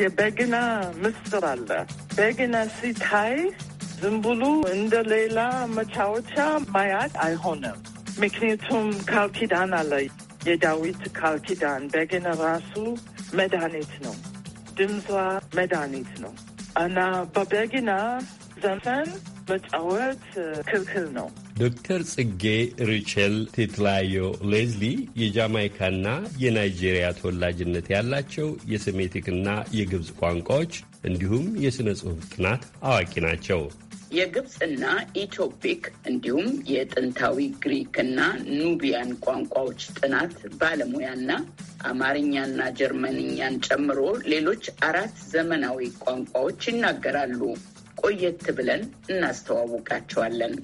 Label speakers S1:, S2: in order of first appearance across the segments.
S1: የበግና ምስር አለ።
S2: በግና ሲታይ ዝም ብሎ እንደ ሌላ መጫወቻ ማያት አይሆንም። ምክንያቱም ቃል ኪዳን አለ። የዳዊት ቃል ኪዳን በግና ራሱ መድኃኒት ነው። ድምጿ መድኃኒት ነው እና በበግና ዘፈን መጫወት ክልክል ነው።
S3: ዶክተር ጽጌ ሪቸል ቴትላዮ ሌዝሊ የጃማይካና የናይጄሪያ ተወላጅነት ያላቸው የሴሜቲክና የግብፅ ቋንቋዎች እንዲሁም የሥነ ጽሑፍ ጥናት አዋቂ ናቸው።
S1: የግብፅና ኢትዮፒክ እንዲሁም የጥንታዊ ግሪክና ኑቢያን ቋንቋዎች ጥናት ባለሙያና አማርኛና ጀርመንኛን ጨምሮ ሌሎች አራት ዘመናዊ ቋንቋዎች ይናገራሉ። ቆየት ብለን እናስተዋውቃቸዋለን።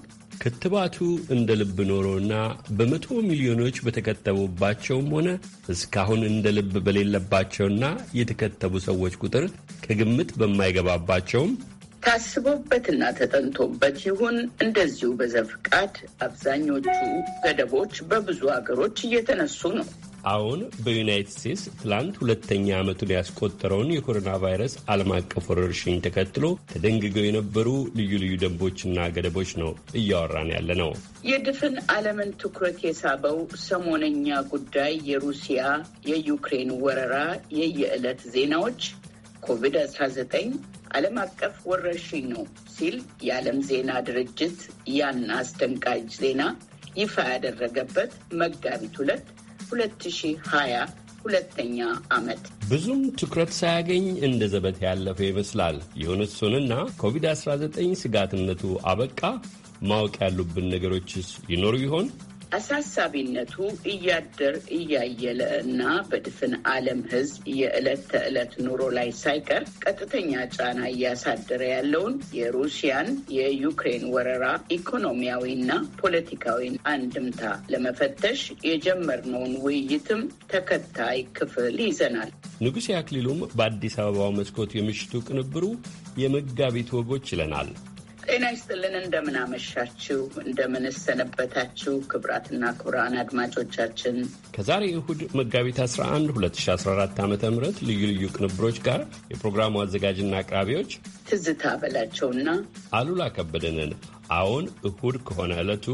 S3: ክትባቱ እንደ ልብ ኖሮና በመቶ ሚሊዮኖች በተከተቡባቸውም ሆነ እስካሁን እንደ ልብ በሌለባቸውና የተከተቡ ሰዎች ቁጥር ከግምት በማይገባባቸውም
S1: ታስቦበትና ተጠንቶበት ይሁን እንደዚሁ በዘፍቃድ አብዛኞቹ ገደቦች በብዙ አገሮች እየተነሱ ነው።
S3: አሁን በዩናይትድ ስቴትስ ትላንት ሁለተኛ ዓመቱን ያስቆጠረውን የኮሮና ቫይረስ ዓለም አቀፍ ወረርሽኝ ተከትሎ ተደንግገው የነበሩ ልዩ ልዩ ደንቦችና ገደቦች ነው እያወራን ያለ ነው።
S1: የድፍን ዓለምን ትኩረት የሳበው ሰሞነኛ ጉዳይ የሩሲያ የዩክሬን ወረራ የየዕለት ዜናዎች ኮቪድ-19 ዓለም አቀፍ ወረርሽኝ ነው ሲል የዓለም ዜና ድርጅት ያን አስደንጋጭ ዜና ይፋ ያደረገበት መጋቢት ሁለት 2020 ሁለተኛ ዓመት
S3: ብዙም ትኩረት ሳያገኝ እንደ ዘበት ያለፈ ይመስላል። ይሁን እሱንና ኮቪድ-19 ስጋትነቱ አበቃ? ማወቅ ያሉብን ነገሮችስ ይኖሩ ይሆን?
S1: አሳሳቢነቱ እያደር እያየለ እና በድፍን ዓለም ሕዝብ የዕለት ተዕለት ኑሮ ላይ ሳይቀር ቀጥተኛ ጫና እያሳደረ ያለውን የሩሲያን የዩክሬን ወረራ ኢኮኖሚያዊና ፖለቲካዊ አንድምታ ለመፈተሽ የጀመርነውን ውይይትም ተከታይ ክፍል ይዘናል።
S3: ንጉሴ አክሊሉም በአዲስ አበባው መስኮት የምሽቱ ቅንብሩ የመጋቢት ወጎች ይለናል።
S1: ጤና ይስጥልን። እንደምን አመሻችሁ፣ እንደምን ሰነበታችሁ ክቡራትና ክቡራን አድማጮቻችን
S3: ከዛሬ እሁድ መጋቢት 11 2014 ዓ ም ልዩ ልዩ ቅንብሮች ጋር የፕሮግራሙ አዘጋጅና አቅራቢዎች
S1: ትዝታ በላቸውና
S3: አሉላ ከበደንን። አሁን እሁድ ከሆነ ዕለቱ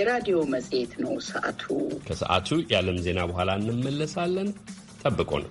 S1: የራዲዮ መጽሔት ነው። ሰዓቱ
S3: ከሰዓቱ የዓለም ዜና በኋላ እንመለሳለን። ጠብቆ ነው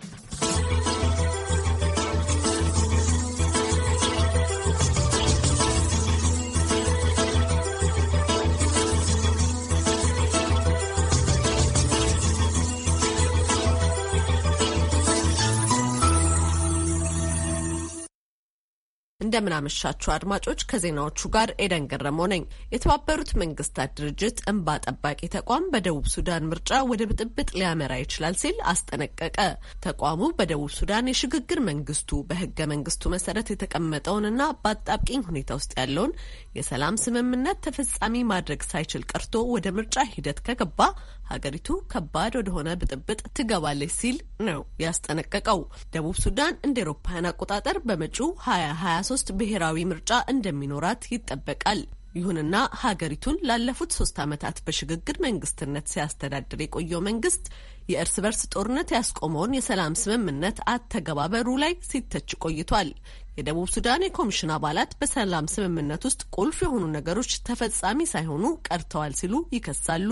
S4: እንደምናመሻችሁ አድማጮች፣ ከዜናዎቹ ጋር ኤደን ገረመ ነኝ። የተባበሩት መንግስታት ድርጅት እንባ ጠባቂ ተቋም በደቡብ ሱዳን ምርጫ ወደ ብጥብጥ ሊያመራ ይችላል ሲል አስጠነቀቀ። ተቋሙ በደቡብ ሱዳን የሽግግር መንግስቱ በህገ መንግስቱ መሰረት የተቀመጠውንና በአጣብቂኝ ሁኔታ ውስጥ ያለውን የሰላም ስምምነት ተፈጻሚ ማድረግ ሳይችል ቀርቶ ወደ ምርጫ ሂደት ከገባ ሀገሪቱ ከባድ ወደሆነ ብጥብጥ ትገባለች ሲል ነው ያስጠነቀቀው። ደቡብ ሱዳን እንደ ኤሮፓውያን አቆጣጠር በመጪው 2023 ብሔራዊ ምርጫ እንደሚኖራት ይጠበቃል። ይሁንና ሀገሪቱን ላለፉት ሶስት ዓመታት በሽግግር መንግስትነት ሲያስተዳድር የቆየው መንግስት የእርስ በርስ ጦርነት ያስቆመውን የሰላም ስምምነት አተገባበሩ ላይ ሲተች ቆይቷል። የደቡብ ሱዳን የኮሚሽን አባላት በሰላም ስምምነት ውስጥ ቁልፍ የሆኑ ነገሮች ተፈጻሚ ሳይሆኑ ቀርተዋል ሲሉ ይከሳሉ።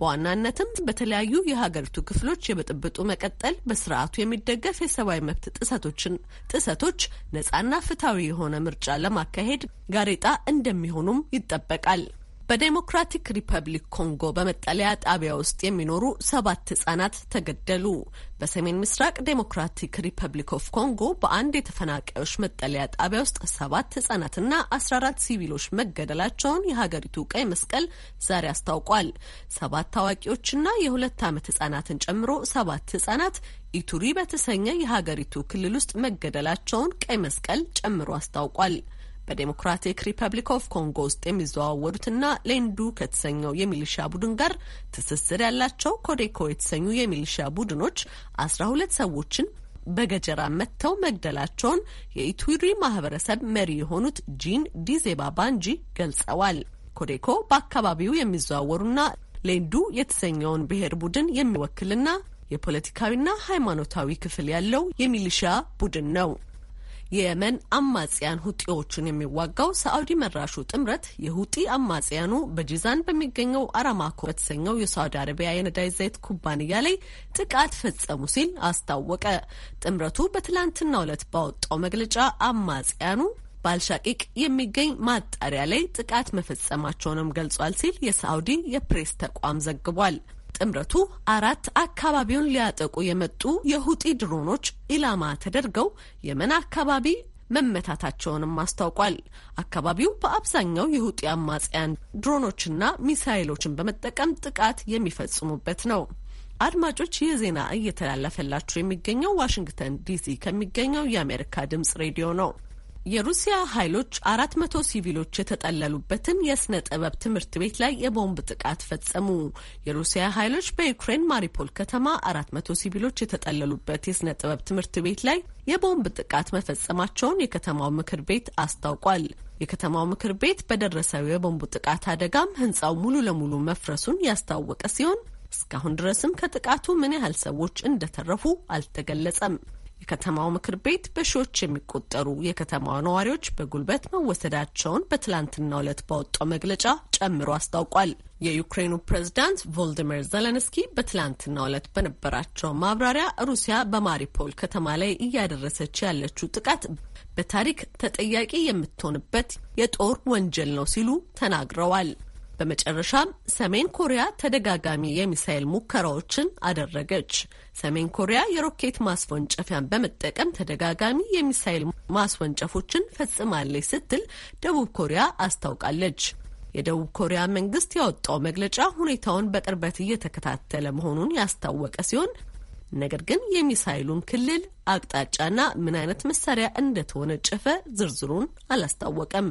S4: በዋናነትም በተለያዩ የሀገሪቱ ክፍሎች የብጥብጡ መቀጠል፣ በስርዓቱ የሚደገፍ የሰብአዊ መብት ጥሰቶችን ጥሰቶች ነጻና ፍትሐዊ የሆነ ምርጫ ለማካሄድ ጋሬጣ እንደሚሆኑም ይጠበቃል። በዴሞክራቲክ ሪፐብሊክ ኮንጎ በመጠለያ ጣቢያ ውስጥ የሚኖሩ ሰባት ህጻናት ተገደሉ። በሰሜን ምስራቅ ዴሞክራቲክ ሪፐብሊክ ኦፍ ኮንጎ በአንድ የተፈናቃዮች መጠለያ ጣቢያ ውስጥ ሰባት ህጻናትና አስራ አራት ሲቪሎች መገደላቸውን የሀገሪቱ ቀይ መስቀል ዛሬ አስታውቋል። ሰባት ታዋቂዎችና የሁለት ዓመት ህጻናትን ጨምሮ ሰባት ህጻናት ኢቱሪ በተሰኘ የሀገሪቱ ክልል ውስጥ መገደላቸውን ቀይ መስቀል ጨምሮ አስታውቋል። በዴሞክራቲክ ሪፐብሊክ ኦፍ ኮንጎ ውስጥ የሚዘዋወሩትና ሌንዱ ከተሰኘው የሚሊሻ ቡድን ጋር ትስስር ያላቸው ኮዴኮ የተሰኙ የሚሊሻ ቡድኖች አስራ ሁለት ሰዎችን በገጀራ መጥተው መግደላቸውን የኢቱሪ ማህበረሰብ መሪ የሆኑት ጂን ዲዜባ ባንጂ ገልጸዋል። ኮዴኮ በአካባቢው የሚዘዋወሩና ሌንዱ የተሰኘውን ብሔር ቡድን የሚወክልና የፖለቲካዊና ሃይማኖታዊ ክፍል ያለው የሚሊሻ ቡድን ነው። የየመን አማጽያን ሁጢዎችን የሚዋጋው ሳዑዲ መራሹ ጥምረት የሁጢ አማጽያኑ በጂዛን በሚገኘው አራማኮ በተሰኘው የሳዑዲ አረቢያ የነዳጅ ዘይት ኩባንያ ላይ ጥቃት ፈጸሙ ሲል አስታወቀ። ጥምረቱ በትላንትናው ዕለት ባወጣው መግለጫ አማጽያኑ ባልሻቂቅ የሚገኝ ማጣሪያ ላይ ጥቃት መፈጸማቸውንም ገልጿል ሲል የሳዑዲ የፕሬስ ተቋም ዘግቧል። ጥምረቱ አራት አካባቢውን ሊያጠቁ የመጡ የሁጢ ድሮኖች ኢላማ ተደርገው የመን አካባቢ መመታታቸውንም አስታውቋል። አካባቢው በአብዛኛው የሁጢ አማጽያን ድሮኖችና ሚሳይሎችን በመጠቀም ጥቃት የሚፈጽሙበት ነው። አድማጮች ይህ ዜና እየተላለፈላችሁ የሚገኘው ዋሽንግተን ዲሲ ከሚገኘው የአሜሪካ ድምጽ ሬዲዮ ነው። የሩሲያ ኃይሎች አራት መቶ ሲቪሎች የተጠለሉበትን የስነ ጥበብ ትምህርት ቤት ላይ የቦምብ ጥቃት ፈጸሙ። የሩሲያ ኃይሎች በዩክሬን ማሪፖል ከተማ አራት መቶ ሲቪሎች የተጠለሉበት የስነ ጥበብ ትምህርት ቤት ላይ የቦምብ ጥቃት መፈጸማቸውን የከተማው ምክር ቤት አስታውቋል። የከተማው ምክር ቤት በደረሰው የቦምብ ጥቃት አደጋም ህንፃው ሙሉ ለሙሉ መፍረሱን ያስታወቀ ሲሆን እስካሁን ድረስም ከጥቃቱ ምን ያህል ሰዎች እንደተረፉ አልተገለጸም። የከተማው ምክር ቤት በሺዎች የሚቆጠሩ የከተማዋ ነዋሪዎች በጉልበት መወሰዳቸውን በትላንትናው ዕለት ባወጣው መግለጫ ጨምሮ አስታውቋል። የዩክሬኑ ፕሬዝዳንት ቮልዲሚር ዘለንስኪ በትላንትናው ዕለት በነበራቸው ማብራሪያ ሩሲያ በማሪፖል ከተማ ላይ እያደረሰች ያለችው ጥቃት በታሪክ ተጠያቂ የምትሆንበት የጦር ወንጀል ነው ሲሉ ተናግረዋል። በመጨረሻም ሰሜን ኮሪያ ተደጋጋሚ የሚሳኤል ሙከራዎችን አደረገች። ሰሜን ኮሪያ የሮኬት ማስወንጨፊያን በመጠቀም ተደጋጋሚ የሚሳኤል ማስወንጨፎችን ፈጽማለች ስትል ደቡብ ኮሪያ አስታውቃለች። የደቡብ ኮሪያ መንግስት ያወጣው መግለጫ ሁኔታውን በቅርበት እየተከታተለ መሆኑን ያስታወቀ ሲሆን ነገር ግን የሚሳይሉን ክልል አቅጣጫና ምን አይነት መሳሪያ እንደተወነጨፈ ዝርዝሩን አላስታወቀም።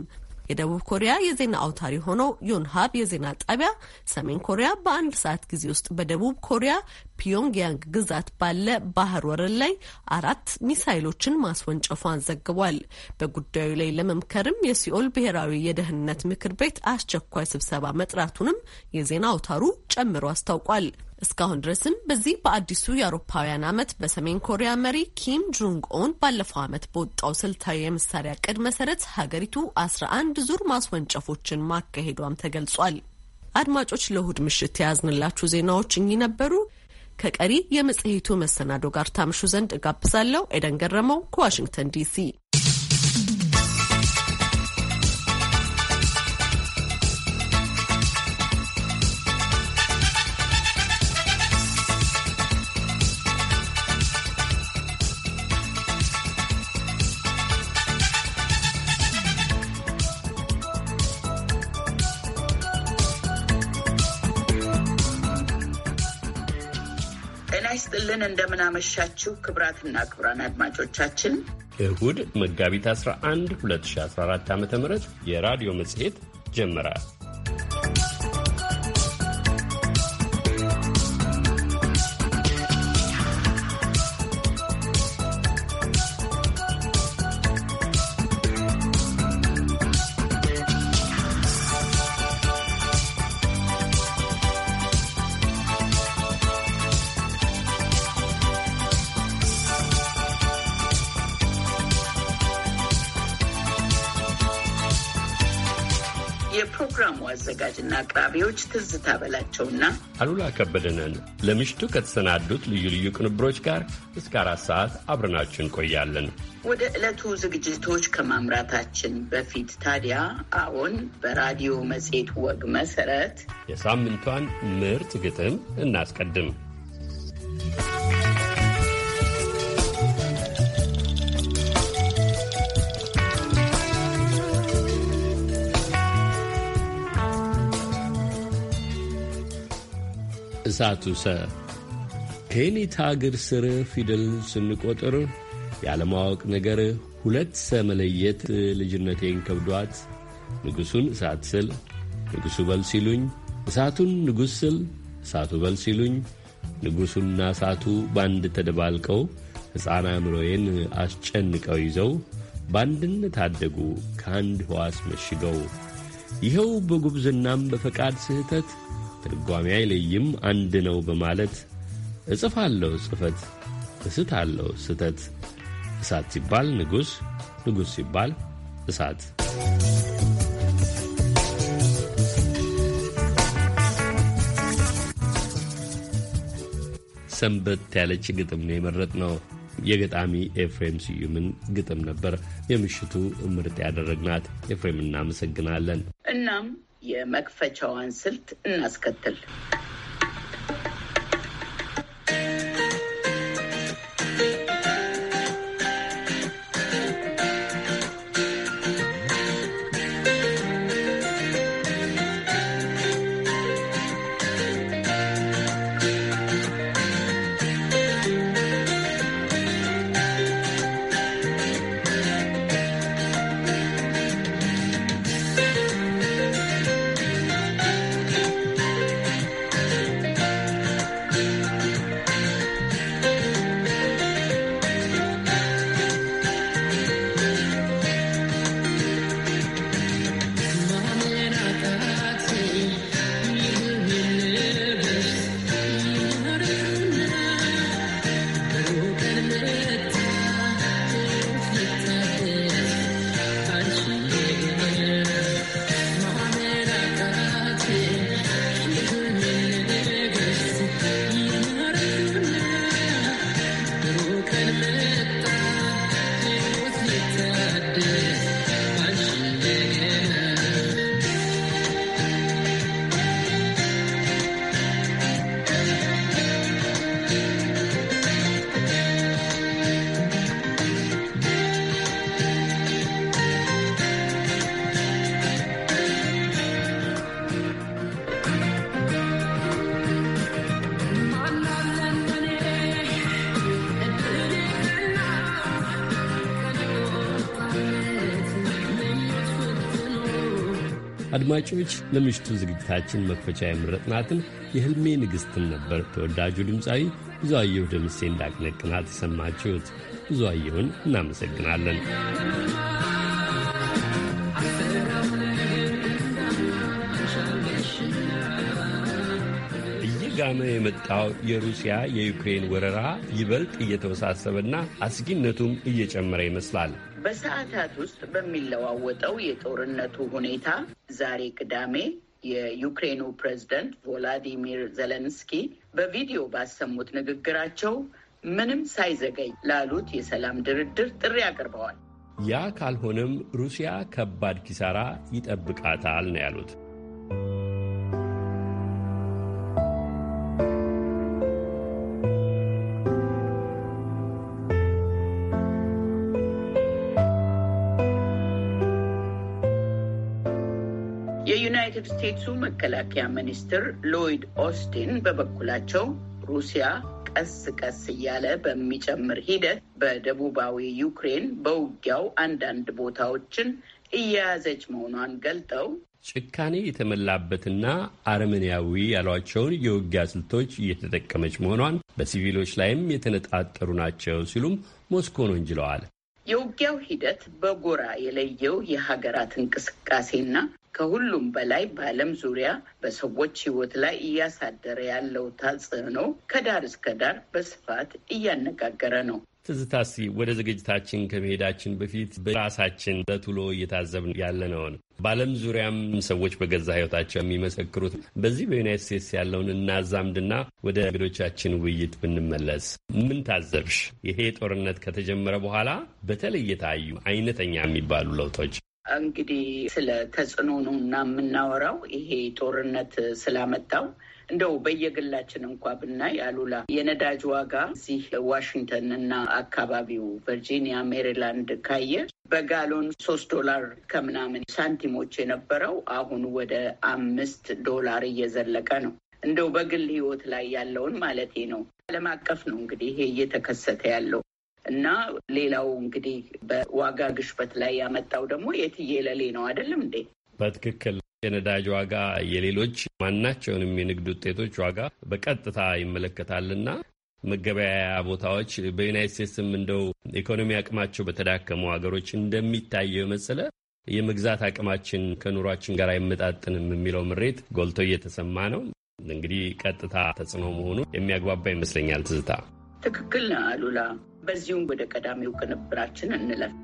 S4: የደቡብ ኮሪያ የዜና አውታሪ የሆነው ዮንሃብ የዜና ጣቢያ ሰሜን ኮሪያ በአንድ ሰዓት ጊዜ ውስጥ በደቡብ ኮሪያ ፒዮንግያንግ ግዛት ባለ ባህር ወረል ላይ አራት ሚሳይሎችን ማስወንጨፏን ዘግቧል። በጉዳዩ ላይ ለመምከርም የሲኦል ብሔራዊ የደህንነት ምክር ቤት አስቸኳይ ስብሰባ መጥራቱንም የዜና አውታሩ ጨምሮ አስታውቋል። እስካሁን ድረስም በዚህ በአዲሱ የአውሮፓውያን ዓመት በሰሜን ኮሪያ መሪ ኪም ጁንግ ኦን ባለፈው ዓመት በወጣው ስልታዊ የመሳሪያ ቅድ መሰረት ሀገሪቱ አስራ አንድ ዙር ማስወንጨፎችን ማካሄዷም ተገልጿል። አድማጮች ለእሁድ ምሽት የያዝንላችሁ ዜናዎች እኚህ ነበሩ። ከቀሪ የመጽሔቱ መሰናዶ ጋር ታምሹ ዘንድ እጋብዛለሁ። ኤደን ገረመው ከዋሽንግተን ዲሲ
S1: ይዘን እንደምናመሻችሁ ክብራትና ክብራን አድማጮቻችን
S3: እሁድ መጋቢት 11 2014 ዓ ም የራዲዮ መጽሔት ጀመራል
S1: የፕሮግራሙ አዘጋጅና አቅራቢዎች ትዝታ በላቸውና
S3: አሉላ ከበደነን ለምሽቱ ከተሰናዱት ልዩ ልዩ ቅንብሮች ጋር እስከ አራት ሰዓት አብረናችሁ እንቆያለን።
S1: ወደ ዕለቱ ዝግጅቶች ከማምራታችን በፊት ታዲያ አሁን በራዲዮ መጽሔት ወግ መሰረት
S3: የሳምንቷን ምርጥ ግጥም እናስቀድም። እንስሳቱ ሰ ከየኔታ እግር ስር ፊደል ስንቆጥር ያለማወቅ ነገር ሁለት ሰ መለየት ልጅነቴን ከብዷት ንጉሡን እሳት ስል ንጉሡ በል ሲሉኝ እሳቱን ንጉሥ ስል እሳቱ በል ሲሉኝ ንጉሡና እሳቱ በአንድ ተደባልቀው ሕፃን አእምሮዬን አስጨንቀው ይዘው በአንድነት አደጉ ከአንድ ሕዋስ መሽገው ይኸው በጉብዝናም በፈቃድ ስህተት ትርጓሜ አይለይም አንድ ነው በማለት እጽፋለሁ ጽፈት እስታለሁ ስተት እሳት ሲባል ንጉሥ ንጉሥ ሲባል እሳት ሰንበት ያለች ግጥም ነው የመረጥ ነው። የገጣሚ ኤፍሬም ስዩምን ግጥም ነበር የምሽቱ ምርጥ ያደረግናት። ኤፍሬም እናመሰግናለን።
S1: እናም የመክፈቻዋን ስልት እናስከትል።
S3: አድማጮች ለምሽቱ ዝግጅታችን መክፈቻ የምረጥናትን የህልሜ ንግሥትን ነበር ተወዳጁ ድምፃዊ ብዙአየሁ ደምሴ እንዳቀነቅናት የሰማችሁት። ብዙአየሁን እናመሰግናለን። ጋመ የመጣው የሩሲያ የዩክሬን ወረራ ይበልጥ እየተወሳሰበና አስጊነቱም እየጨመረ ይመስላል።
S1: በሰዓታት ውስጥ በሚለዋወጠው የጦርነቱ ሁኔታ ዛሬ ቅዳሜ የዩክሬኑ ፕሬዝደንት ቮላዲሚር ዘለንስኪ በቪዲዮ ባሰሙት ንግግራቸው ምንም ሳይዘገይ ላሉት የሰላም ድርድር ጥሪ አቅርበዋል።
S3: ያ ካልሆነም ሩሲያ ከባድ ኪሳራ ይጠብቃታል ነው ያሉት።
S1: ስቴትሱ መከላከያ ሚኒስትር ሎይድ ኦስቲን በበኩላቸው ሩሲያ ቀስ ቀስ እያለ በሚጨምር ሂደት በደቡባዊ ዩክሬን በውጊያው አንዳንድ ቦታዎችን እየያዘች መሆኗን ገልጠው
S3: ጭካኔ የተመላበትና አረመኔያዊ ያሏቸውን የውጊያ ስልቶች እየተጠቀመች መሆኗን፣ በሲቪሎች ላይም የተነጣጠሩ ናቸው ሲሉም ሞስኮን ወንጅለዋል።
S1: የውጊያው ሂደት በጎራ የለየው የሀገራት እንቅስቃሴና ከሁሉም በላይ በዓለም ዙሪያ በሰዎች ሕይወት ላይ እያሳደረ ያለው ተጽዕኖ ከዳር እስከ ዳር በስፋት እያነጋገረ ነው።
S3: ትዝታሲ ወደ ዝግጅታችን ከመሄዳችን በፊት በራሳችን ለቱሎ እየታዘብ ያለነውን በዓለም ዙሪያም ሰዎች በገዛ ሕይወታቸው የሚመሰክሩት በዚህ በዩናይት ስቴትስ ያለውን እናዛምድና ወደ እንግዶቻችን ውይይት ብንመለስ ምን ታዘብሽ? ይሄ ጦርነት ከተጀመረ በኋላ በተለይ የታዩ አይነተኛ የሚባሉ ለውጦች
S1: እንግዲህ ስለ ተጽዕኖ ነው እና የምናወራው ይሄ ጦርነት ስላመጣው እንደው በየግላችን እንኳ ብናይ አሉላ የነዳጅ ዋጋ እዚህ ዋሽንግተን እና አካባቢው ቨርጂኒያ፣ ሜሪላንድ ካየ በጋሎን ሶስት ዶላር ከምናምን ሳንቲሞች የነበረው አሁን ወደ አምስት ዶላር እየዘለቀ ነው። እንደው በግል ህይወት ላይ ያለውን ማለቴ ነው። ዓለም አቀፍ ነው እንግዲህ ይሄ እየተከሰተ ያለው እና ሌላው እንግዲህ በዋጋ ግሽበት ላይ ያመጣው ደግሞ የትየለሌ ነው አይደለም እንዴ?
S3: በትክክል የነዳጅ ዋጋ የሌሎች ማናቸውንም የንግድ ውጤቶች ዋጋ በቀጥታ ይመለከታልና መገበያያ ቦታዎች በዩናይት ስቴትስም እንደው ኢኮኖሚ አቅማቸው በተዳከሙ ሀገሮች እንደሚታየው የመሰለ የመግዛት አቅማችን ከኑሯችን ጋር አይመጣጥንም የሚለው ምሬት ጎልቶ እየተሰማ ነው። እንግዲህ ቀጥታ ተጽዕኖ መሆኑ የሚያግባባ ይመስለኛል። ትዝታ
S1: ትክክል ነው አሉላ። በዚሁም ወደ ቀዳሚው ቅንብራችን እንለፍ።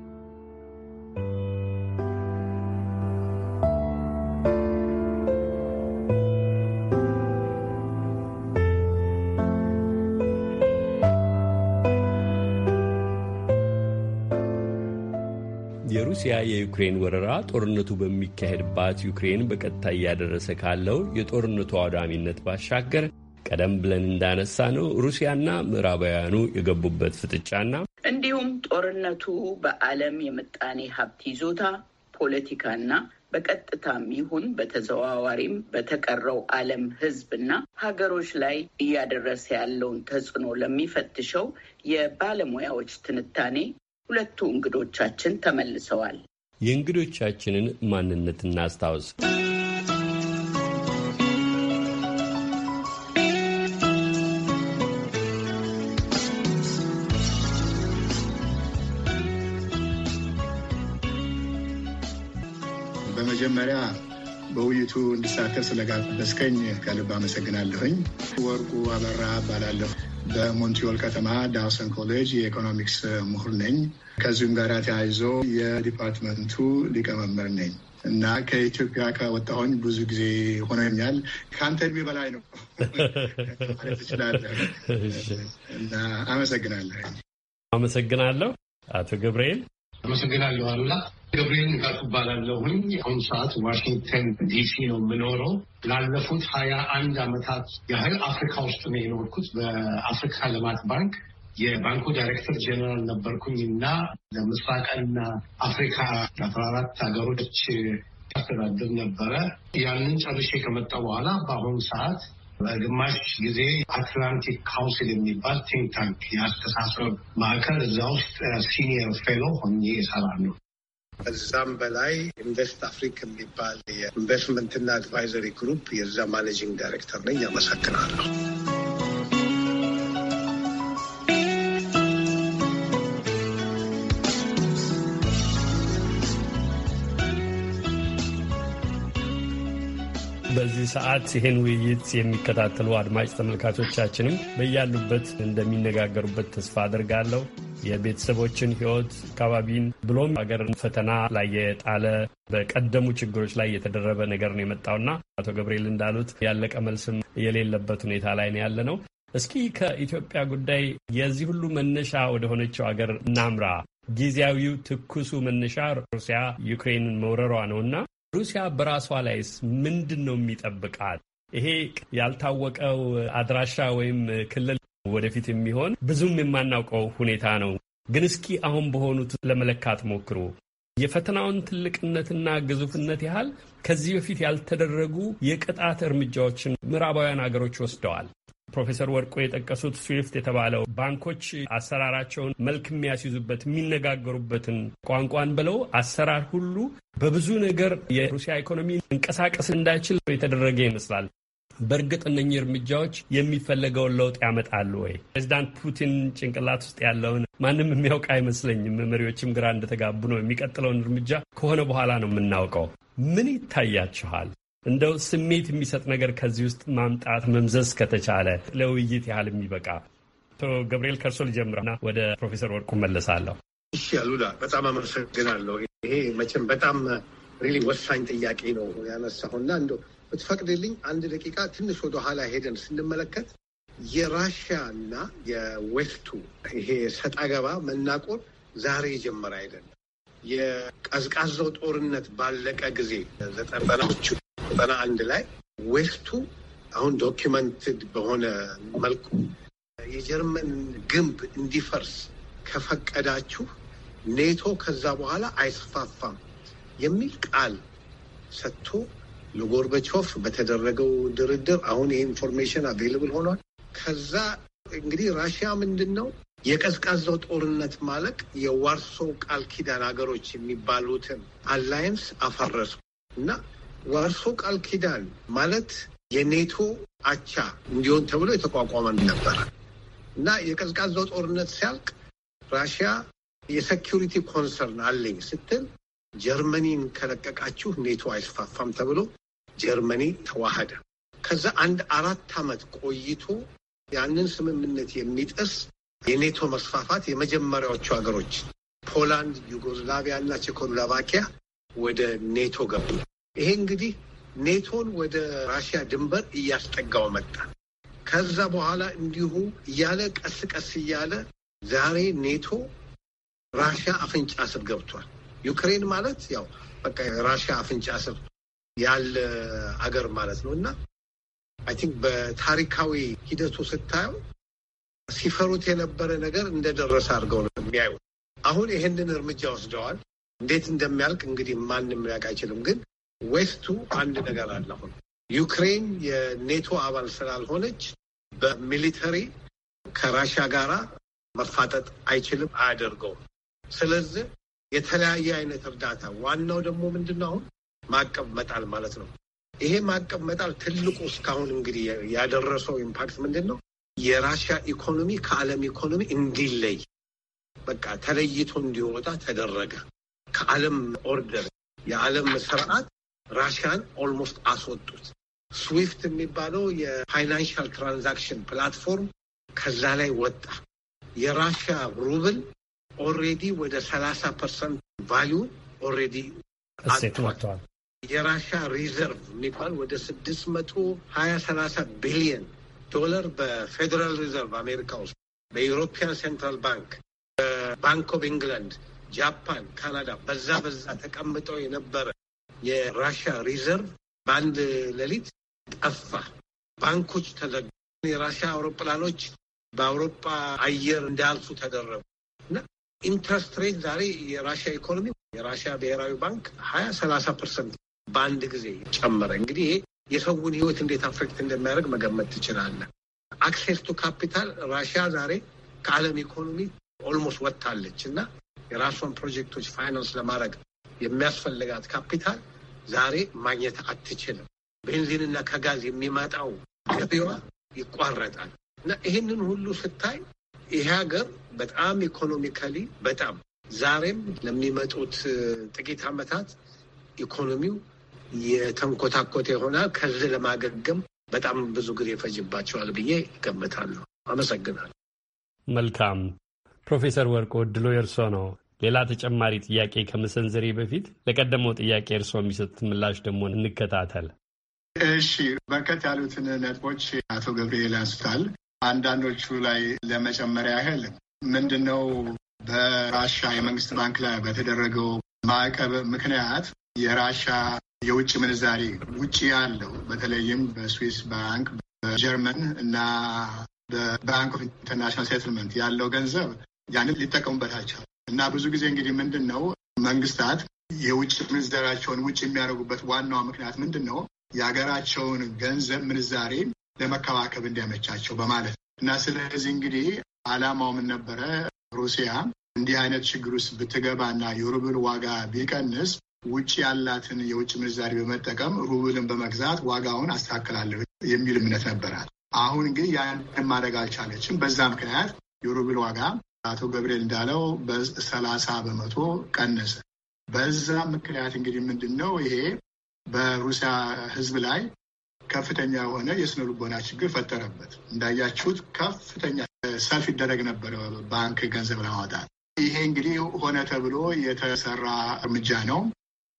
S3: የሩሲያ የዩክሬን ወረራ ጦርነቱ በሚካሄድባት ዩክሬን በቀጥታ እያደረሰ ካለው የጦርነቱ አውዳሚነት ባሻገር ቀደም ብለን እንዳነሳ ነው ሩሲያና ምዕራባውያኑ የገቡበት ፍጥጫና
S1: እንዲሁም ጦርነቱ በዓለም የምጣኔ ሀብት ይዞታ ፖለቲካና በቀጥታም ይሁን በተዘዋዋሪም በተቀረው ዓለም ሕዝብና ሀገሮች ላይ እያደረሰ ያለውን ተጽዕኖ ለሚፈትሸው የባለሙያዎች ትንታኔ ሁለቱ እንግዶቻችን ተመልሰዋል።
S3: የእንግዶቻችንን ማንነት እናስታውስ።
S5: መጀመሪያ በውይይቱ እንድሳተፍ ስለጋበዝከኝ ከልብ አመሰግናለሁኝ። ወርቁ አበራ እባላለሁ። በሞንትሪዮል ከተማ ዳውሰን ኮሌጅ የኢኮኖሚክስ ምሁር ነኝ። ከዚሁም ጋር ተያይዞ የዲፓርትመንቱ ሊቀመንበር ነኝ እና ከኢትዮጵያ ከወጣሁኝ ብዙ ጊዜ ሆነኛል። ከአንተ እድሜ በላይ ነው ማለት
S6: እና አመሰግናለሁ።
S3: አመሰግናለሁ አቶ ገብርኤል።
S6: አመሰግናለሁ አሉላ። ገብርኤል ንጋቱ እባላለሁኝ። አሁን ሰዓት ዋሽንግተን ዲሲ ነው የምኖረው። ላለፉት ሀያ አንድ ዓመታት ያህል አፍሪካ ውስጥ ነው የኖርኩት። በአፍሪካ ልማት ባንክ የባንኩ ዳይሬክተር ጀነራል ነበርኩኝ እና ለምስራቅና አፍሪካ አስራ አራት ሀገሮች አስተዳደር ነበረ። ያንን ጨርሼ ከመጣ በኋላ በአሁኑ ሰዓት በግማሽ ጊዜ አትላንቲክ ካውንስል የሚባል ቲንክ ታንክ የአስተሳሰብ ማዕከል እዛ ውስጥ ሲኒየር ፌሎ ሆኜ እሰራለሁ። ከዛም በላይ ኢንቨስት አፍሪክ የሚባል የኢንቨስትመንትና አድቫይዘሪ ግሩፕ የዛ ማኔጂንግ ዳይሬክተር ነኝ። አመሰግናለሁ።
S3: በዚህ ሰዓት ይህን ውይይት የሚከታተሉ አድማጭ ተመልካቾቻችንም በያሉበት እንደሚነጋገሩበት ተስፋ አድርጋለሁ። የቤተሰቦችን ሕይወት አካባቢን፣ ብሎም ሀገር ፈተና ላይ የጣለ በቀደሙ ችግሮች ላይ የተደረበ ነገር ነው የመጣውና አቶ ገብርኤል እንዳሉት ያለቀ መልስም የሌለበት ሁኔታ ላይ ነው ያለ ነው። እስኪ ከኢትዮጵያ ጉዳይ የዚህ ሁሉ መነሻ ወደ ሆነችው አገር እናምራ። ጊዜያዊው ትኩሱ መነሻ ሩሲያ ዩክሬንን መውረሯ ነውና ሩሲያ በራሷ ላይስ ምንድን ነው የሚጠብቃት? ይሄ ያልታወቀው አድራሻ ወይም ክልል ወደፊት የሚሆን ብዙም የማናውቀው ሁኔታ ነው። ግን እስኪ አሁን በሆኑት ለመለካት ሞክሩ። የፈተናውን ትልቅነትና ግዙፍነት ያህል ከዚህ በፊት ያልተደረጉ የቅጣት እርምጃዎችን ምዕራባውያን አገሮች ወስደዋል። ፕሮፌሰር ወርቆ የጠቀሱት ስዊፍት የተባለው ባንኮች አሰራራቸውን መልክ የሚያስይዙበት የሚነጋገሩበትን ቋንቋን ብለው አሰራር ሁሉ በብዙ ነገር የሩሲያ ኢኮኖሚ እንቀሳቀስ እንዳይችል የተደረገ ይመስላል። በእርግጥ እነኚህ እርምጃዎች የሚፈለገውን ለውጥ ያመጣሉ ወይ? ፕሬዚዳንት ፑቲን ጭንቅላት ውስጥ ያለውን ማንም የሚያውቅ አይመስለኝም። መሪዎችም ግራ እንደተጋቡ ነው። የሚቀጥለውን እርምጃ ከሆነ በኋላ ነው የምናውቀው። ምን ይታያችኋል? እንደው ስሜት የሚሰጥ ነገር ከዚህ ውስጥ ማምጣት መምዘዝ ከተቻለ ለውይይት ያህል የሚበቃ አቶ ገብርኤል ከእርሶ ልጀምርና ወደ ፕሮፌሰር ወርቁ መለሳለሁ። እሺ
S6: አሉላ፣ በጣም አመሰግናለሁ። ይሄ መቼም በጣም ሪሊ ወሳኝ ጥያቄ ነው ያነሳሁና እንደው ብትፈቅድልኝ አንድ ደቂቃ ትንሽ ወደ ኋላ ሄደን ስንመለከት የራሽያ እና የዌስቱ ይሄ ሰጣ ገባ መናቆር ዛሬ የጀመረ አይደለም። የቀዝቃዛው ጦርነት ባለቀ ጊዜ ዘጠናዎቹ ዘጠና አንድ ላይ ዌስቱ አሁን ዶኪመንትድ በሆነ መልኩ የጀርመን ግንብ እንዲፈርስ ከፈቀዳችሁ ኔቶ ከዛ በኋላ አይስፋፋም የሚል ቃል ሰጥቶ ለጎርበቾፍ በተደረገው ድርድር አሁን ይሄ ኢንፎርሜሽን አቬይለብል ሆኗል። ከዛ እንግዲህ ራሽያ ምንድን ነው የቀዝቃዛው ጦርነት ማለቅ የዋርሶ ቃል ኪዳን ሀገሮች የሚባሉትን አላይንስ አፈረሱ እና ዋርሶ ቃል ኪዳን ማለት የኔቶ አቻ እንዲሆን ተብሎ የተቋቋመ ነበረ እና የቀዝቃዛው ጦርነት ሲያልቅ ራሽያ የሴኪሪቲ ኮንሰርን አለኝ ስትል ጀርመኒን ከለቀቃችሁ ኔቶ አይስፋፋም ተብሎ ጀርመኒ ተዋሃደ። ከዛ አንድ አራት ዓመት ቆይቶ ያንን ስምምነት የሚጥስ የኔቶ መስፋፋት የመጀመሪያዎቹ ሀገሮች ፖላንድ፣ ዩጎዝላቪያ እና ቼኮስሎቫኪያ ወደ ኔቶ ገቡ። ይሄ እንግዲህ ኔቶን ወደ ራሽያ ድንበር እያስጠጋው መጣ። ከዛ በኋላ እንዲሁ እያለ ቀስ ቀስ እያለ ዛሬ ኔቶ ራሽያ አፍንጫ ስር ገብቷል። ዩክሬን ማለት ያው በቃ ራሽያ አፍንጫ ስር ያለ አገር ማለት ነው እና አይ ቲንክ በታሪካዊ ሂደቱ ስታየው ሲፈሩት የነበረ ነገር እንደደረሰ አድርገው ነው የሚያዩ። አሁን ይሄንን እርምጃ ወስደዋል። እንዴት እንደሚያልቅ እንግዲህ ማንም ሊያውቅ አይችልም። ግን ዌስቱ አንድ ነገር አለ። አሁን ዩክሬን የኔቶ አባል ስላልሆነች በሚሊተሪ ከራሻ ጋራ መፋጠጥ አይችልም፣ አያደርገውም። ስለዚህ የተለያየ አይነት እርዳታ ዋናው ደግሞ ምንድን ነው አሁን ማዕቀብ መጣል ማለት ነው። ይሄ ማዕቀብ መጣል ትልቁ እስካሁን እንግዲህ ያደረሰው ኢምፓክት ምንድን ነው? የራሽያ ኢኮኖሚ ከዓለም ኢኮኖሚ እንዲለይ በቃ ተለይቶ እንዲወጣ ተደረገ። ከዓለም ኦርደር የዓለም ስርዓት ራሽያን ኦልሞስት አስወጡት። ስዊፍት የሚባለው የፋይናንሻል ትራንዛክሽን ፕላትፎርም ከዛ ላይ ወጣ። የራሽያ ሩብል ኦሬዲ ወደ ሰላሳ ፐርሰንት ቫሊዩ ኦሬዲ አጥቷል። የራሽያ ሪዘርቭ የሚባል ወደ ስድስት መቶ ሀያ ሰላሳ ቢሊየን ዶላር በፌዴራል ሪዘርቭ አሜሪካ ውስጥ፣ በዩሮፒያን ሴንትራል ባንክ፣ በባንክ ኦፍ ኢንግላንድ፣ ጃፓን፣ ካናዳ በዛ በዛ ተቀምጠው የነበረ የራሻ ሪዘርቭ በአንድ ሌሊት ጠፋ። ባንኮች ተዘጉ። የራሻ አውሮፕላኖች በአውሮፓ አየር እንዳያልፉ ተደረጉ እና ኢንትረስት ሬት ዛሬ የራሻ ኢኮኖሚ የራሻ ብሔራዊ ባንክ ሀያ ሰላሳ ፐርሰንት በአንድ ጊዜ ጨመረ። እንግዲህ ይሄ የሰውን ህይወት እንዴት አፌክት እንደሚያደርግ መገመት ትችላለህ። አክሴስ ቱ ካፒታል ራሻ ዛሬ ከዓለም ኢኮኖሚ ኦልሞስት ወጥታለች እና የራሷን ፕሮጀክቶች ፋይናንስ ለማድረግ የሚያስፈልጋት ካፒታል ዛሬ ማግኘት አትችልም። ቤንዚንና ከጋዝ የሚመጣው ገቢዋ ይቋረጣል እና ይህንን ሁሉ ስታይ ይሄ ሀገር በጣም ኢኮኖሚካሊ በጣም ዛሬም ለሚመጡት ጥቂት ዓመታት ኢኮኖሚው የተንኮታኮተ ይሆናል። ከዚህ ለማገገም በጣም ብዙ ጊዜ ይፈጅባቸዋል ብዬ ይገምታለሁ። አመሰግናለሁ።
S3: መልካም ፕሮፌሰር ወርቆ እድሉ የእርሶ ነው። ሌላ ተጨማሪ ጥያቄ ከመሰንዘሬ በፊት ለቀደመው ጥያቄ እርስዎ የሚሰጡት ምላሽ ደግሞ እንከታተል።
S5: እሺ፣ በርከት ያሉትን ነጥቦች አቶ ገብርኤል ያንሱታል። አንዳንዶቹ ላይ ለመጨመር ያህል ምንድን ነው በራሻ የመንግስት ባንክ ላይ በተደረገው ማዕቀብ ምክንያት የራሻ የውጭ ምንዛሬ ውጭ ያለው በተለይም በስዊስ ባንክ፣ በጀርመን እና በባንክ ኦፍ ኢንተርናሽናል ሴትልመንት ያለው ገንዘብ ያንን ሊጠቀሙበታቸው እና ብዙ ጊዜ እንግዲህ ምንድን ነው መንግስታት የውጭ ምንዛሪያቸውን ውጭ የሚያደርጉበት ዋናው ምክንያት ምንድን ነው? የሀገራቸውን ገንዘብ ምንዛሬ ለመከባከብ እንዲያመቻቸው በማለት እና ስለዚህ እንግዲህ አላማው ምን ነበረ? ሩሲያ እንዲህ አይነት ችግር ውስጥ ብትገባና የሩብል ዋጋ ቢቀንስ ውጭ ያላትን የውጭ ምንዛሬ በመጠቀም ሩብልን በመግዛት ዋጋውን አስተካክላለሁ የሚል እምነት ነበራት። አሁን ግን ያንን ማድረግ አልቻለችም። በዛ ምክንያት የሩብል ዋጋ አቶ ገብርኤል እንዳለው በሰላሳ በመቶ ቀነሰ። በዛ ምክንያት እንግዲህ ምንድን ነው ይሄ በሩሲያ ህዝብ ላይ ከፍተኛ የሆነ የስነ ልቦና ችግር ፈጠረበት። እንዳያችሁት ከፍተኛ ሰልፍ ይደረግ ነበረ ባንክ ገንዘብ ለማውጣት። ይሄ እንግዲህ ሆነ ተብሎ የተሰራ እርምጃ ነው።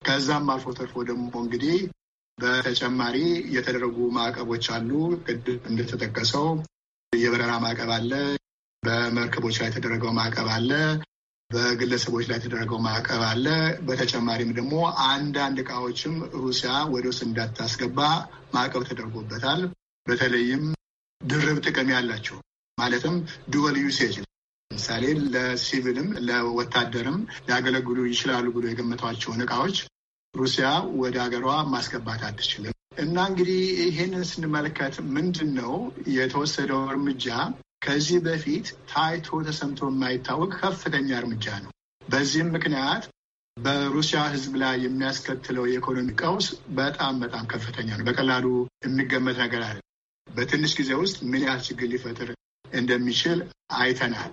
S5: ከዛም አልፎ ተርፎ ደግሞ እንግዲህ በተጨማሪ የተደረጉ ማዕቀቦች አሉ። ቅድም እንደተጠቀሰው የበረራ ማዕቀብ አለ፣ በመርከቦች ላይ የተደረገው ማዕቀብ አለ። በግለሰቦች ላይ የተደረገው ማዕቀብ አለ። በተጨማሪም ደግሞ አንዳንድ እቃዎችም ሩሲያ ወደ ውስጥ እንዳታስገባ ማዕቀብ ተደርጎበታል። በተለይም ድርብ ጥቅም ያላቸው ማለትም ዱበል ዩሴጅ ለምሳሌ ለሲቪልም ለወታደርም ሊያገለግሉ ይችላሉ ብሎ የገመቷቸውን እቃዎች ሩሲያ ወደ ሀገሯ ማስገባት አትችልም እና እንግዲህ ይህንን ስንመለከት ምንድን ነው የተወሰደው እርምጃ ከዚህ በፊት ታይቶ ተሰምቶ የማይታወቅ ከፍተኛ እርምጃ ነው። በዚህም ምክንያት በሩሲያ ሕዝብ ላይ የሚያስከትለው የኢኮኖሚ ቀውስ በጣም በጣም ከፍተኛ ነው። በቀላሉ የሚገመት ነገር አለ። በትንሽ ጊዜ ውስጥ ምን ያህል ችግር ሊፈጥር እንደሚችል አይተናል።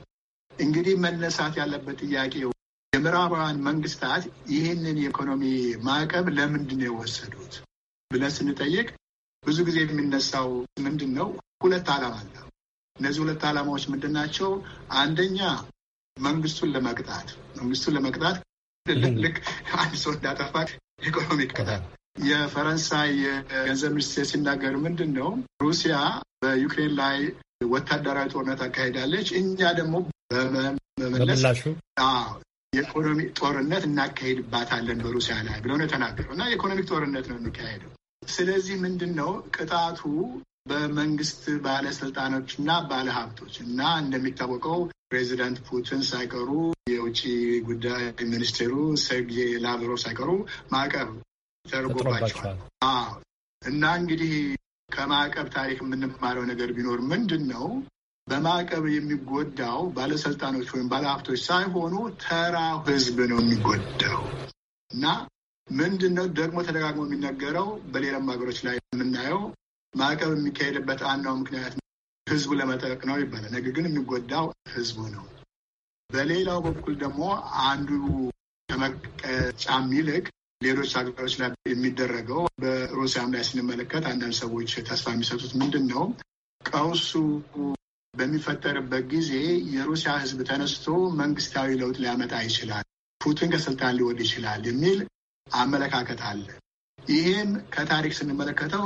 S5: እንግዲህ መነሳት ያለበት ጥያቄው የምዕራባውያን መንግስታት ይህንን የኢኮኖሚ ማዕቀብ ለምንድን ነው የወሰዱት ብለን ስንጠይቅ ብዙ ጊዜ የሚነሳው ምንድን ነው? ሁለት ዓላማ አለው። እነዚህ ሁለት ዓላማዎች ምንድን ናቸው? አንደኛ መንግስቱን ለመቅጣት መንግስቱን ለመቅጣት ልክ አንድ ሰው እንዳጠፋ ኢኮኖሚ ይቀጣል። የፈረንሳይ ገንዘብ ሚኒስቴር ሲናገር ምንድን ነው ሩሲያ በዩክሬን ላይ ወታደራዊ ጦርነት አካሄዳለች፣ እኛ ደግሞ በመመለስ የኢኮኖሚ ጦርነት እናካሄድባታለን በሩሲያ ላይ ብለው ነው የተናገረው እና የኢኮኖሚክ ጦርነት ነው የሚካሄደው። ስለዚህ ምንድን ነው ቅጣቱ በመንግስት ባለስልጣኖች እና ባለሀብቶች እና እንደሚታወቀው ፕሬዚዳንት ፑቲን ሳይቀሩ የውጭ ጉዳይ ሚኒስቴሩ ሰርጌይ ላቭሮቭ ሳይቀሩ ማዕቀብ ተደርጎባቸዋል። እና እንግዲህ ከማዕቀብ ታሪክ የምንማረው ነገር ቢኖር ምንድን ነው? በማዕቀብ የሚጎዳው ባለስልጣኖች ወይም ባለሀብቶች ሳይሆኑ ተራው ህዝብ ነው የሚጎዳው እና ምንድን ነው ደግሞ ተደጋግሞ የሚነገረው በሌላም ሀገሮች ላይ የምናየው ማዕቀብ የሚካሄድበት ዋናው ምክንያት ህዝቡ ለመጠቅ ነው ይባላል። ነገር ግን የሚጎዳው ህዝቡ ነው። በሌላው በኩል ደግሞ አንዱ ከመቀጫም ይልቅ ሌሎች ሀገሮች ላይ የሚደረገው በሩሲያም ላይ ስንመለከት አንዳንድ ሰዎች ተስፋ የሚሰጡት ምንድን ነው ቀውሱ በሚፈጠርበት ጊዜ የሩሲያ ህዝብ ተነስቶ መንግስታዊ ለውጥ ሊያመጣ ይችላል፣ ፑቲን ከስልጣን ሊወድ ይችላል የሚል አመለካከት አለ። ይህም ከታሪክ ስንመለከተው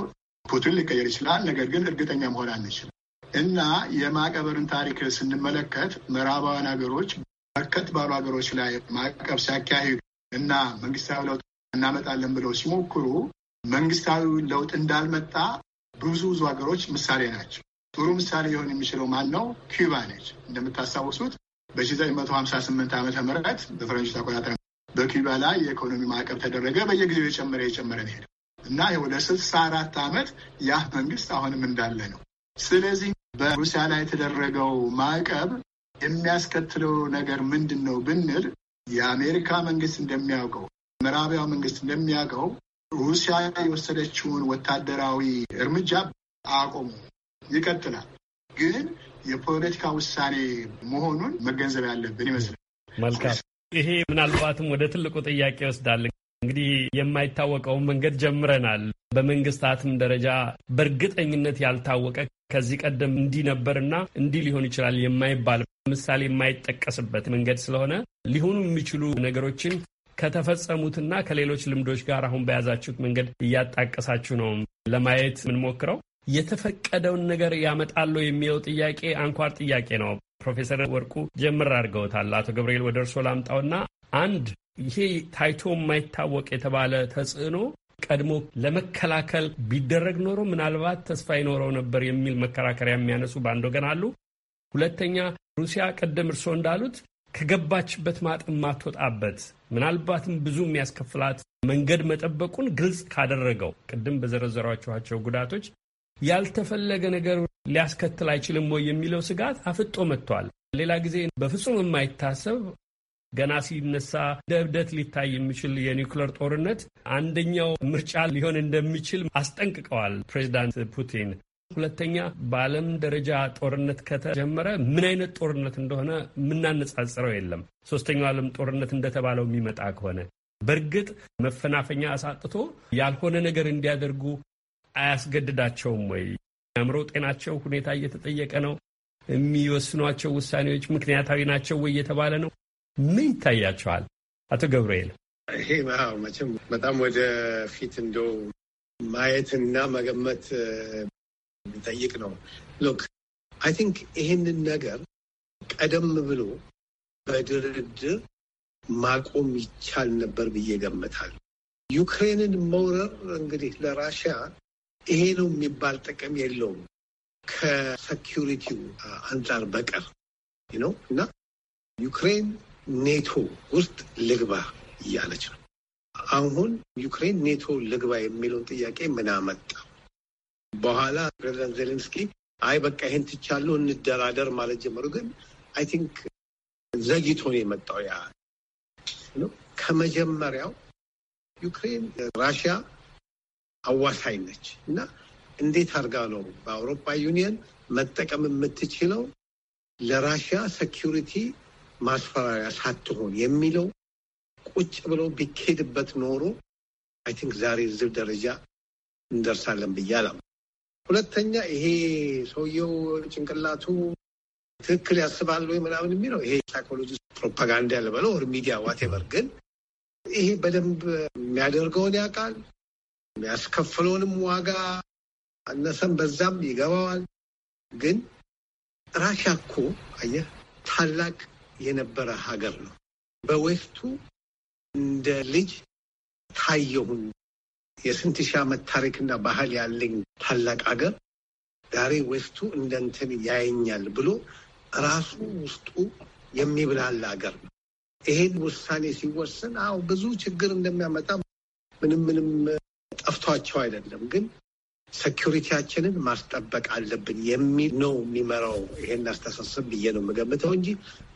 S5: ፑቲን ሊቀየር ይችላል፣ ነገር ግን እርግጠኛ መሆን አንችልም እና የማቀበርን ታሪክ ስንመለከት ምዕራባውያን ሀገሮች በርከት ባሉ ሀገሮች ላይ ማዕቀብ ሲያካሂዱ እና መንግስታዊ ለውጥ እናመጣለን ብለው ሲሞክሩ መንግስታዊ ለውጥ እንዳልመጣ ብዙ ብዙ ሀገሮች ምሳሌ ናቸው። ጥሩ ምሳሌ ሊሆን የሚችለው ማን ነው? ኪዩባ ነች። እንደምታስታውሱት በ1958 ዓመተ ምህረት በፈረንጆች አቆጣጠር በኪዩባ ላይ የኢኮኖሚ ማዕቀብ ተደረገ። በየጊዜው የጨመረ የጨመረ ሄደ። እና ወደ ስልሳ አራት ዓመት ያህ መንግስት አሁንም እንዳለ ነው። ስለዚህ በሩሲያ ላይ የተደረገው ማዕቀብ የሚያስከትለው ነገር ምንድን ነው ብንል የአሜሪካ መንግስት እንደሚያውቀው ምዕራቢያው መንግስት እንደሚያውቀው ሩሲያ የወሰደችውን ወታደራዊ እርምጃ አቆሙ፣ ይቀጥላል። ግን የፖለቲካ ውሳኔ መሆኑን መገንዘብ ያለብን ይመስላል።
S3: መልካም። ይሄ ምናልባትም ወደ ትልቁ ጥያቄ ይወስዳል። እንግዲህ የማይታወቀውን መንገድ ጀምረናል። በመንግስታትም ደረጃ በእርግጠኝነት ያልታወቀ ከዚህ ቀደም እንዲህ ነበርና እንዲህ ሊሆን ይችላል የማይባል ምሳሌ የማይጠቀስበት መንገድ ስለሆነ ሊሆኑ የሚችሉ ነገሮችን ከተፈጸሙትና ከሌሎች ልምዶች ጋር አሁን በያዛችሁት መንገድ እያጣቀሳችሁ ነው ለማየት የምንሞክረው። የተፈቀደውን ነገር ያመጣሉ የሚለው ጥያቄ አንኳር ጥያቄ ነው። ፕሮፌሰር ወርቁ ጀምር አድርገውታል። አቶ ገብርኤል ወደ እርስዎ ላምጣውና አንድ ይሄ ታይቶ የማይታወቅ የተባለ ተጽዕኖ ቀድሞ ለመከላከል ቢደረግ ኖሮ ምናልባት ተስፋ ይኖረው ነበር የሚል መከራከሪያ የሚያነሱ በአንድ ወገን አሉ። ሁለተኛ ሩሲያ ቀደም እርስዎ እንዳሉት ከገባችበት ማጥም ማትወጣበት ምናልባትም ብዙ የሚያስከፍላት መንገድ መጠበቁን ግልጽ ካደረገው ቅድም በዘረዘሯቸኋቸው ጉዳቶች ያልተፈለገ ነገር ሊያስከትል አይችልም ወይ የሚለው ስጋት አፍጦ መጥቷል። ሌላ ጊዜ በፍጹም የማይታሰብ ገና ሲነሳ ደብደት ሊታይ የሚችል የኒክለር ጦርነት አንደኛው ምርጫ ሊሆን እንደሚችል አስጠንቅቀዋል ፕሬዚዳንት ፑቲን። ሁለተኛ በዓለም ደረጃ ጦርነት ከተጀመረ ምን አይነት ጦርነት እንደሆነ የምናነጻጽረው የለም። ሶስተኛው ዓለም ጦርነት እንደተባለው የሚመጣ ከሆነ በእርግጥ መፈናፈኛ አሳጥቶ ያልሆነ ነገር እንዲያደርጉ አያስገድዳቸውም ወይ? የአእምሮ ጤናቸው ሁኔታ እየተጠየቀ ነው። የሚወስኗቸው ውሳኔዎች ምክንያታዊ ናቸው ወይ እየተባለ ነው። ምን ይታያቸዋል? አቶ ገብርኤል
S6: ይሄ መቼም በጣም ወደ ፊት እንደው ማየትና መገመት የሚጠይቅ ነው። ሎክ አይ ቲንክ ይሄንን ነገር ቀደም ብሎ በድርድር ማቆም ይቻል ነበር ብዬ ገምታል። ዩክሬንን መውረር እንግዲህ ለራሽያ ይሄ ነው የሚባል ጥቅም የለውም ከሰኪሪቲው አንጻር በቀር ነው እና ዩክሬን ኔቶ ውስጥ ልግባ እያለች ነው። አሁን ዩክሬን ኔቶ ልግባ የሚለውን ጥያቄ ምን አመጣው? በኋላ ፕሬዚዳንት ዜሌንስኪ አይ በቃ ይህን ትቻለሁ እንደራደር ማለት ጀመሩ። ግን አይ ቲንክ ዘግይቶ ነው የመጣው። ያ ከመጀመሪያው ዩክሬን ራሽያ አዋሳኝ ነች እና እንዴት አድርጋ ነው በአውሮፓ ዩኒየን መጠቀም የምትችለው ለራሽያ ሴኪሪቲ ማስፈራሪያ ሳትሆን የሚለው ቁጭ ብሎ ቢካሄድበት ኖሮ አይ ቲንክ ዛሬ እዚህ ደረጃ እንደርሳለን ብያላ ሁለተኛ ይሄ ሰውየው ጭንቅላቱ ትክክል ያስባል ወይ ምናምን የሚለው ይሄ ሳይኮሎጂ ፕሮፓጋንዳ ያለበለው ኦር ሚዲያ ዋቴቨር፣ ግን ይሄ በደንብ የሚያደርገውን ያውቃል የሚያስከፍለውንም ዋጋ አነሰም በዛም ይገባዋል። ግን ራሽያ እኮ አየህ ታላቅ የነበረ ሀገር ነው። በዌስቱ እንደ ልጅ ታየሁን የስንት ሺህ ዓመት ታሪክና ባህል ያለኝ ታላቅ ሀገር ዛሬ ዌስቱ እንደ እንትን ያየኛል ብሎ ራሱ ውስጡ የሚብላል ሀገር ነው። ይሄን ውሳኔ ሲወሰን አዎ ብዙ ችግር እንደሚያመጣ ምንም ምንም ጠፍቷቸው አይደለም፣ ግን ሴኪሪቲያችንን ማስጠበቅ አለብን የሚል ነው የሚመራው ይሄን አስተሳሰብ ብዬ ነው የምገምተው እንጂ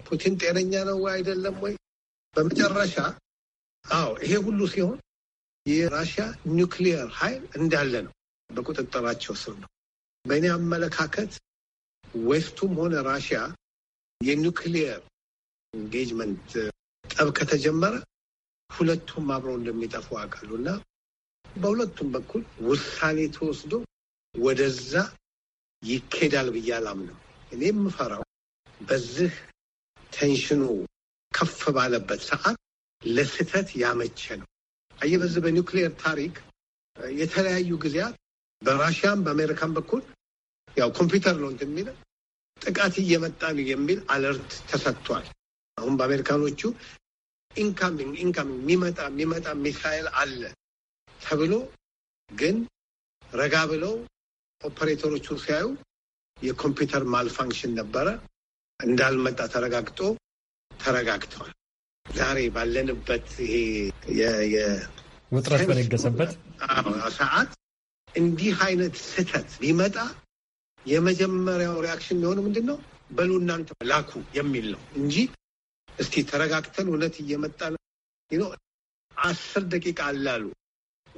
S6: ፑቲን ጤነኛ ነው ወይ አይደለም ወይ? በመጨረሻ አዎ፣ ይሄ ሁሉ ሲሆን የራሽያ ኒውክሊየር ኃይል እንዳለ ነው፣ በቁጥጥራቸው ስር ነው። በእኔ አመለካከት ዌስቱም ሆነ ራሽያ የኒውክሊየር ኢንጌጅመንት ጠብ ከተጀመረ ሁለቱም አብረው እንደሚጠፉ አውቃሉ እና በሁለቱም በኩል ውሳኔ ተወስዶ ወደዛ ይኬዳል ብዬ አላምንም። እኔ የምፈራው በዚህ ቴንሽኑ ከፍ ባለበት ሰዓት ለስህተት ያመቸ ነው። አየህ በዚህ በኒውክሊየር ታሪክ የተለያዩ ጊዜያት በራሽያም በአሜሪካም በኩል ያው ኮምፒውተር ነው እንትን የሚለው ጥቃት እየመጣ ነው የሚል አለርት ተሰጥቷል። አሁን በአሜሪካኖቹ ኢንካሚንግ ኢንካሚንግ የሚመጣ የሚመጣ ሚሳይል አለ ተብሎ ግን ረጋ ብለው ኦፐሬተሮቹ ሲያዩ የኮምፒውተር ማልፋንክሽን ነበረ። እንዳልመጣ ተረጋግጦ ተረጋግተዋል። ዛሬ ባለንበት ይሄ ውጥረት በነገሰበት ሰዓት እንዲህ አይነት ስህተት ቢመጣ የመጀመሪያው ሪያክሽን የሚሆኑ ምንድን ነው? በሉ እናንተ ላኩ የሚል ነው እንጂ እስቲ ተረጋግተን እውነት እየመጣ ነው። አስር ደቂቃ አላሉ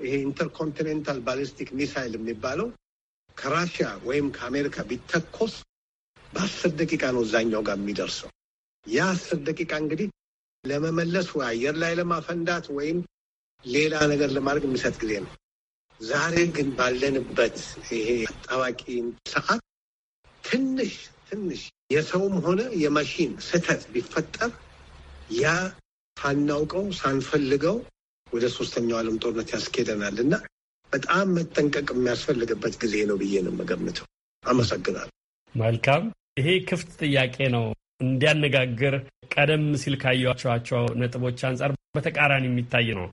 S6: ይሄ ኢንተርኮንቲኔንታል ባሊስቲክ ሚሳይል የሚባለው ከራሽያ ወይም ከአሜሪካ ቢተኮስ በአስር ደቂቃ ነው እዛኛው ጋር የሚደርሰው። ያ አስር ደቂቃ እንግዲህ ለመመለስ ወይ አየር ላይ ለማፈንዳት ወይም ሌላ ነገር ለማድረግ የሚሰጥ ጊዜ ነው። ዛሬ ግን ባለንበት ይሄ አጣባቂ ሰዓት ትንሽ ትንሽ የሰውም ሆነ የማሽን ስህተት ቢፈጠር ያ ሳናውቀው ሳንፈልገው ወደ ሶስተኛው ዓለም ጦርነት ያስኬደናል እና በጣም መጠንቀቅ የሚያስፈልግበት ጊዜ ነው ብዬ ነው የምገምተው። አመሰግናለሁ።
S3: መልካም። ይሄ ክፍት ጥያቄ ነው እንዲያነጋግር ቀደም ሲል ካያቸዋቸው ነጥቦች አንጻር በተቃራኒ የሚታይ ነው።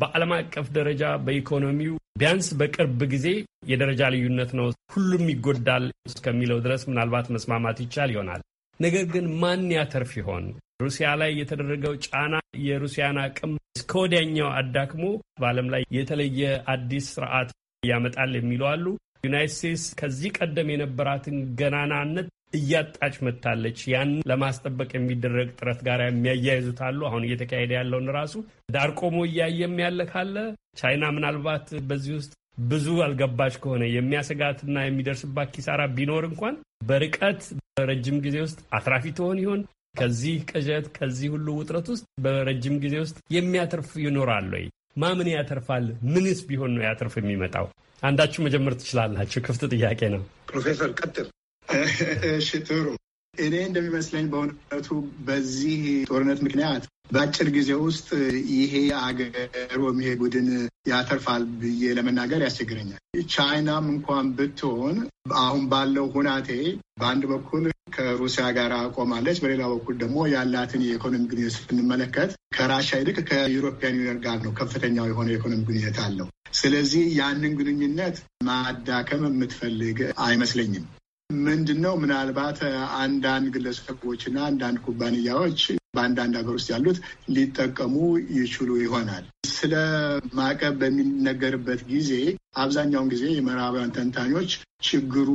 S3: በዓለም አቀፍ ደረጃ በኢኮኖሚው ቢያንስ በቅርብ ጊዜ የደረጃ ልዩነት ነው፣ ሁሉም ይጎዳል እስከሚለው ድረስ ምናልባት መስማማት ይቻል ይሆናል። ነገር ግን ማን ያተርፍ ይሆን? ሩሲያ ላይ የተደረገው ጫና የሩሲያን አቅም እስከ ወዲያኛው አዳክሞ በዓለም ላይ የተለየ አዲስ ስርዓት ያመጣል የሚሉ አሉ። ዩናይት ስቴትስ ከዚህ ቀደም የነበራትን ገናናነት እያጣች መጥታለች። ያን ለማስጠበቅ የሚደረግ ጥረት ጋር የሚያያይዙት አሉ። አሁን እየተካሄደ ያለውን ራሱ ዳር ቆሞ እያየም ያለ ካለ ቻይና ምናልባት በዚህ ውስጥ ብዙ አልገባች ከሆነ የሚያሰጋትና የሚደርስባት ኪሳራ ቢኖር እንኳን በርቀት በረጅም ጊዜ ውስጥ አትራፊ ትሆን ይሆን? ከዚህ ቅዠት፣ ከዚህ ሁሉ ውጥረት ውስጥ በረጅም ጊዜ ውስጥ የሚያተርፍ ይኖራል ወይ? ማምን ያተርፋል? ምንስ ቢሆን ነው ያተርፍ የሚመጣው? አንዳችሁ መጀመር ትችላላችሁ። ክፍት ጥያቄ ነው።
S6: ፕሮፌሰር ቀጥል። እሺ ጥሩ
S5: እኔ እንደሚመስለኝ በእውነቱ በዚህ ጦርነት ምክንያት በአጭር ጊዜ ውስጥ ይሄ አገር ወይም ይሄ ቡድን ያተርፋል ብዬ ለመናገር ያስቸግረኛል። ቻይናም እንኳን ብትሆን አሁን ባለው ሁናቴ በአንድ በኩል ከሩሲያ ጋር ቆማለች፣ በሌላ በኩል ደግሞ ያላትን የኢኮኖሚ ግንኙነት ስንመለከት ከራሻ ይልቅ ከዩሮፒያን ዩኒየን ጋር ነው ከፍተኛው የሆነ የኢኮኖሚ ግንኙነት አለው። ስለዚህ ያንን ግንኙነት ማዳከም የምትፈልግ አይመስለኝም። ምንድን ነው ምናልባት አንዳንድ ግለሰቦችና አንዳንድ ኩባንያዎች በአንዳንድ ሀገር ውስጥ ያሉት ሊጠቀሙ ይችሉ ይሆናል። ስለ ማዕቀብ በሚነገርበት ጊዜ አብዛኛውን ጊዜ የምዕራባውያን ተንታኞች ችግሩ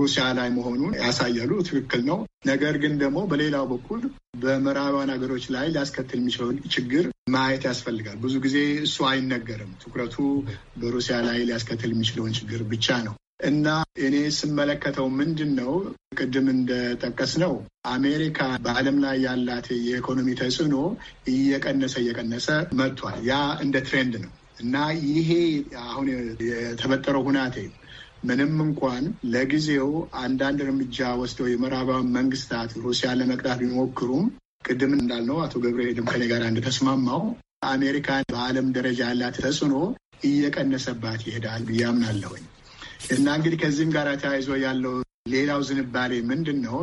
S5: ሩሲያ ላይ መሆኑን ያሳያሉ። ትክክል ነው። ነገር ግን ደግሞ በሌላው በኩል በምዕራባውያን ሀገሮች ላይ ሊያስከትል የሚችለውን ችግር ማየት ያስፈልጋል። ብዙ ጊዜ እሱ አይነገርም። ትኩረቱ በሩሲያ ላይ ሊያስከትል የሚችለውን ችግር ብቻ ነው። እና እኔ ስመለከተው ምንድን ነው ቅድም እንደጠቀስ ነው አሜሪካ በዓለም ላይ ያላት የኢኮኖሚ ተጽዕኖ እየቀነሰ እየቀነሰ መጥቷል። ያ እንደ ትሬንድ ነው እና ይሄ አሁን የተፈጠረው ሁናቴ ምንም እንኳን ለጊዜው አንዳንድ እርምጃ ወስደው የምዕራባዊ መንግስታት ሩሲያን ለመቅጣት ቢሞክሩም ቅድም እንዳልነው አቶ ገብረ ድም ከኔ ጋር እንደተስማማው አሜሪካን በዓለም ደረጃ ያላት ተጽዕኖ እየቀነሰባት ይሄዳል ብዬ አምናለሁኝ። እና እንግዲህ ከዚህም ጋር ተያይዞ ያለው ሌላው ዝንባሌ ምንድን ነው?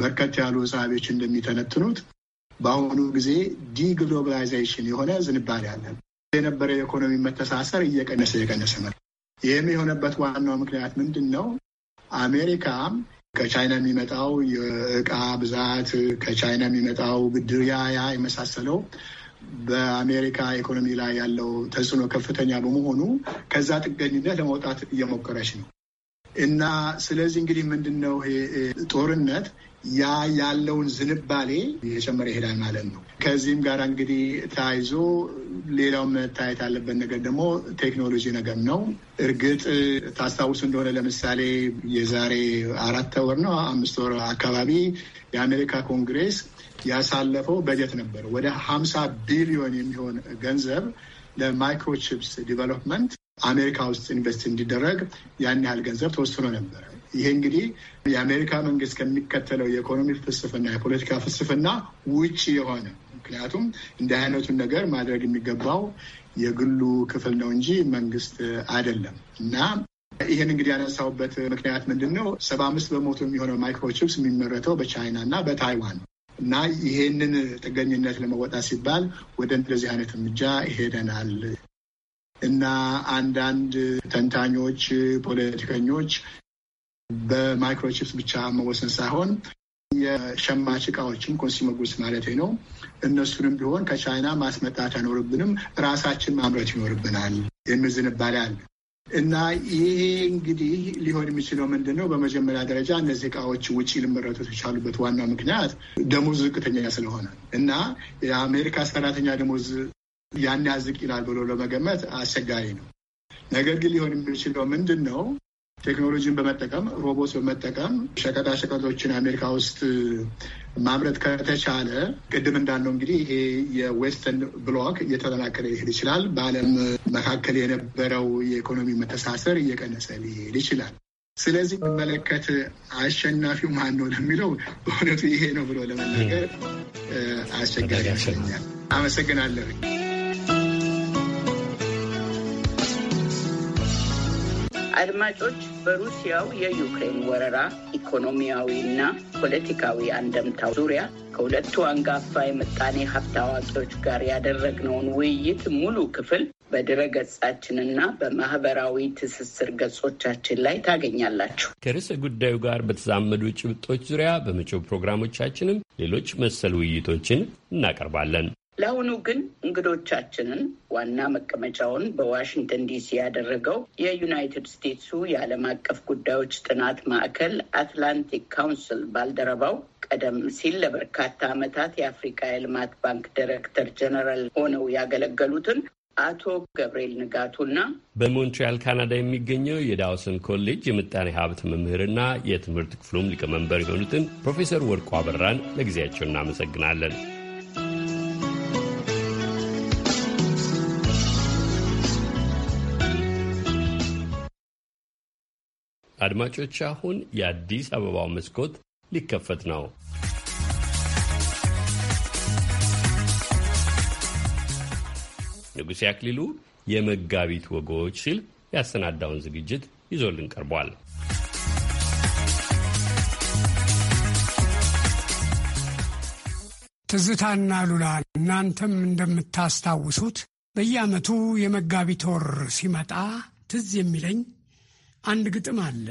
S5: በርከት ያሉ ሰሃቢዎች እንደሚተነትኑት በአሁኑ ጊዜ ዲግሎባላይዜሽን የሆነ ዝንባሌ አለ። የነበረ የኢኮኖሚ መተሳሰር እየቀነሰ እየቀነሰ መ ይህም የሆነበት ዋናው ምክንያት ምንድን ነው? አሜሪካ ከቻይና የሚመጣው የእቃ ብዛት፣ ከቻይና የሚመጣው ብድር፣ ያ ያ የመሳሰለው በአሜሪካ ኢኮኖሚ ላይ ያለው ተጽዕኖ ከፍተኛ በመሆኑ ከዛ ጥገኝነት ለመውጣት እየሞከረች ነው እና ስለዚህ እንግዲህ ምንድን ነው ጦርነት ያ ያለውን ዝንባሌ እየጨመረ ይሄዳል ማለት ነው። ከዚህም ጋር እንግዲህ ተያይዞ ሌላው መታየት ያለበት ነገር ደግሞ ቴክኖሎጂ ነገር ነው። እርግጥ ታስታውሱ እንደሆነ ለምሳሌ የዛሬ አራት ወር ነው አምስት ወር አካባቢ የአሜሪካ ኮንግሬስ ያሳለፈው በጀት ነበር። ወደ ሀምሳ ቢሊዮን የሚሆን ገንዘብ ለማይክሮቺፕስ ዲቨሎፕመንት አሜሪካ ውስጥ ኢንቨስት እንዲደረግ ያን ያህል ገንዘብ ተወስኖ ነበረ። ይሄ እንግዲህ የአሜሪካ መንግስት ከሚከተለው የኢኮኖሚ ፍልስፍና፣ የፖለቲካ ፍልስፍና ውጭ የሆነ ምክንያቱም እንዲህ አይነቱን ነገር ማድረግ የሚገባው የግሉ ክፍል ነው እንጂ መንግስት አይደለም እና ይህን እንግዲህ ያነሳውበት ምክንያት ምንድን ነው? ሰባ አምስት በመቶ የሚሆነው ማይክሮቺፕስ የሚመረተው በቻይና እና በታይዋን ነው። እና ይሄንን ጥገኝነት ለመወጣት ሲባል ወደ እንደዚህ አይነት እርምጃ ይሄደናል እና አንዳንድ ተንታኞች፣ ፖለቲከኞች በማይክሮቺፕስ ብቻ መወሰን ሳይሆን የሸማች እቃዎችን ኮንሱመር ጉድስ ማለት ነው። እነሱንም ቢሆን ከቻይና ማስመጣት አይኖርብንም፣ ራሳችን ማምረት ይኖርብናል የሚል ዝንባሌ አለ። እና ይሄ እንግዲህ ሊሆን የሚችለው ምንድን ነው? በመጀመሪያ ደረጃ እነዚህ እቃዎች ውጭ ልመረቱ የተቻሉበት ዋና ምክንያት ደሞዝ ዝቅተኛ ስለሆነ እና የአሜሪካ ሰራተኛ ደሞዝ ያን ያዝቅ ይላል ብሎ ለመገመት አስቸጋሪ ነው። ነገር ግን ሊሆን የሚችለው ምንድን ነው? ቴክኖሎጂን በመጠቀም ሮቦት በመጠቀም ሸቀጣ ሸቀጦችን አሜሪካ ውስጥ ማምረት ከተቻለ ቅድም እንዳለው እንግዲህ ይሄ የዌስተርን ብሎክ እየተጠናከረ ሊሄድ ይችላል። በዓለም መካከል የነበረው የኢኮኖሚ መተሳሰር እየቀነሰ ሊሄድ ይችላል። ስለዚህ የሚመለከት አሸናፊው ማን ነው ለሚለው በእውነቱ ይሄ ነው ብሎ ለመናገር አስቸጋሪ ይመስለኛል። አመሰግናለሁ።
S1: አድማጮች፣ በሩሲያው የዩክሬን ወረራ ኢኮኖሚያዊና ፖለቲካዊ አንደምታ ዙሪያ ከሁለቱ አንጋፋ የምጣኔ ሀብት አዋቂዎች ጋር ያደረግነውን ውይይት ሙሉ ክፍል በድረ ገጻችንና በማህበራዊ ትስስር ገጾቻችን ላይ ታገኛላችሁ።
S3: ከርዕሰ ጉዳዩ ጋር በተዛመዱ ጭብጦች ዙሪያ በመጪው ፕሮግራሞቻችንም ሌሎች መሰል ውይይቶችን እናቀርባለን።
S1: ለአሁኑ ግን እንግዶቻችንን ዋና መቀመጫውን በዋሽንግተን ዲሲ ያደረገው የዩናይትድ ስቴትሱ የዓለም አቀፍ ጉዳዮች ጥናት ማዕከል አትላንቲክ ካውንስል ባልደረባው ቀደም ሲል ለበርካታ ዓመታት የአፍሪካ የልማት ባንክ ዳይሬክተር ጀነራል ሆነው ያገለገሉትን አቶ ገብርኤል ንጋቱና
S3: በሞንትሪያል ካናዳ የሚገኘው የዳውሰን ኮሌጅ የምጣኔ ሀብት መምህርና የትምህርት ክፍሉም ሊቀመንበር የሆኑትን ፕሮፌሰር ወርቁ አበራን ለጊዜያቸው እናመሰግናለን። አድማጮች፣ አሁን የአዲስ አበባው መስኮት ሊከፈት ነው። ንጉሴ አክሊሉ የመጋቢት ወጎች ሲል ያሰናዳውን ዝግጅት ይዞልን ቀርቧል።
S7: ትዝታና ሉላ እናንተም እንደምታስታውሱት በየዓመቱ የመጋቢት ወር ሲመጣ ትዝ የሚለኝ አንድ ግጥም አለ።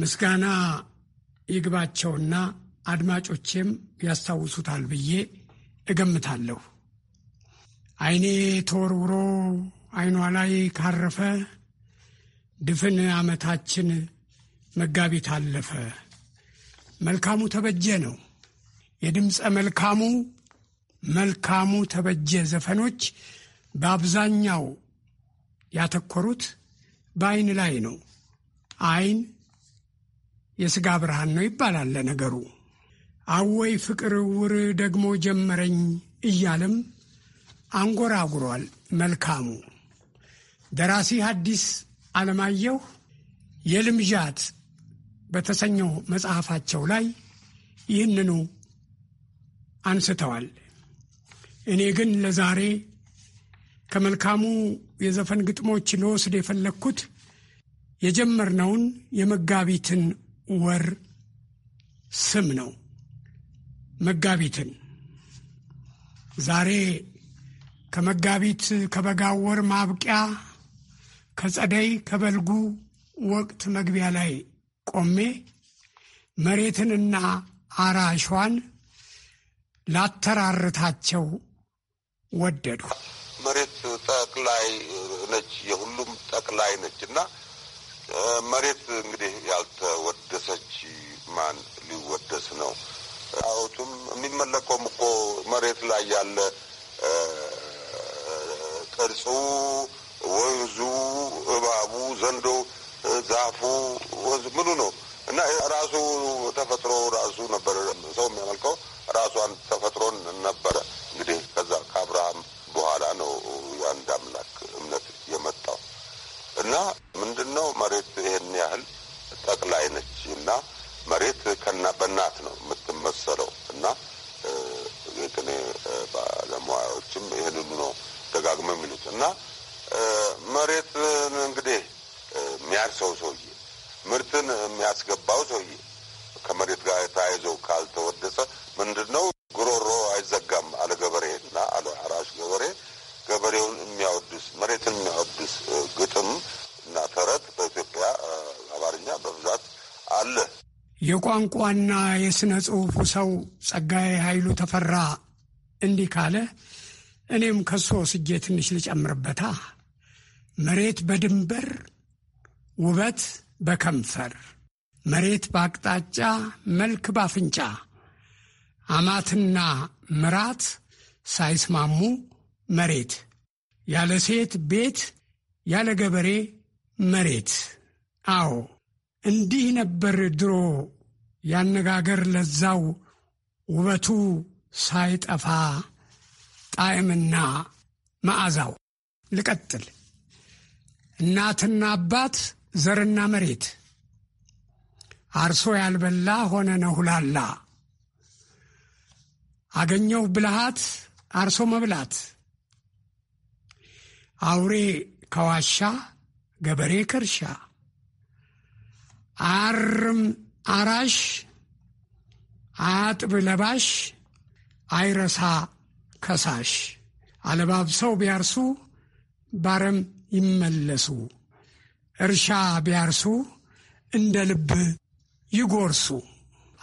S7: ምስጋና ይግባቸውና አድማጮቼም ያስታውሱታል ብዬ እገምታለሁ። ዓይኔ ተወርውሮ ዓይኗ ላይ ካረፈ ድፍን ዓመታችን መጋቢት አለፈ። መልካሙ ተበጀ ነው የድምፀ መልካሙ መልካሙ ተበጀ ዘፈኖች በአብዛኛው ያተኮሩት በአይን ላይ ነው። አይን የሥጋ ብርሃን ነው ይባላል ለነገሩ። አወይ ፍቅር ውር ደግሞ ጀመረኝ እያለም አንጎራጉሯል መልካሙ ደራሲ ሐዲስ ዓለማየሁ የልምዣት በተሰኘው መጽሐፋቸው ላይ ይህንኑ አንስተዋል። እኔ ግን ለዛሬ ከመልካሙ የዘፈን ግጥሞች ለወስድ የፈለግኩት የጀመርነውን የመጋቢትን ወር ስም ነው። መጋቢትን ዛሬ ከመጋቢት ከበጋው ወር ማብቂያ ከጸደይ ከበልጉ ወቅት መግቢያ ላይ ቆሜ መሬትንና አራሿን ላተራርታቸው ወደዱ።
S8: መሬት ጠቅላይ ነች፣ የሁሉም ጠቅላይ ነች እና መሬት እንግዲህ ያልተወደሰች ማን ሊወደስ ነው? ጣዖቱም የሚመለከውም እኮ መሬት ላይ ያለ ቅርጹ፣ ወንዙ፣ እባቡ፣ ዘንዶ፣ ዛፉ፣ ወንዙ ምኑ ነው እና ራሱ ተፈጥሮ ራሱ ነበር ሰው የሚያመልከው ራሷን ተፈጥሮን ነበረ
S7: የቋንቋና የሥነ ጽሑፉ ሰው ጸጋዬ ኃይሉ ተፈራ እንዲህ ካለ እኔም ከሶ ስጌ ትንሽ ልጨምርበታ። መሬት በድንበር ውበት በከንፈር መሬት በአቅጣጫ መልክ ባፍንጫ አማትና ምራት ሳይስማሙ መሬት ያለ ሴት ቤት ያለ ገበሬ መሬት። አዎ እንዲህ ነበር ድሮ ያነጋገር ለዛው ውበቱ ሳይጠፋ ጣዕምና መዓዛው። ልቀጥል። እናትና አባት ዘርና መሬት አርሶ ያልበላ ሆነ ነሁላላ አገኘው ብልሃት አርሶ መብላት። አውሬ ከዋሻ ገበሬ ከርሻ አርም አራሽ አያጥብ ለባሽ አይረሳ ከሳሽ አለባብሰው ቢያርሱ ባረም ይመለሱ እርሻ ቢያርሱ እንደ ልብ ይጎርሱ።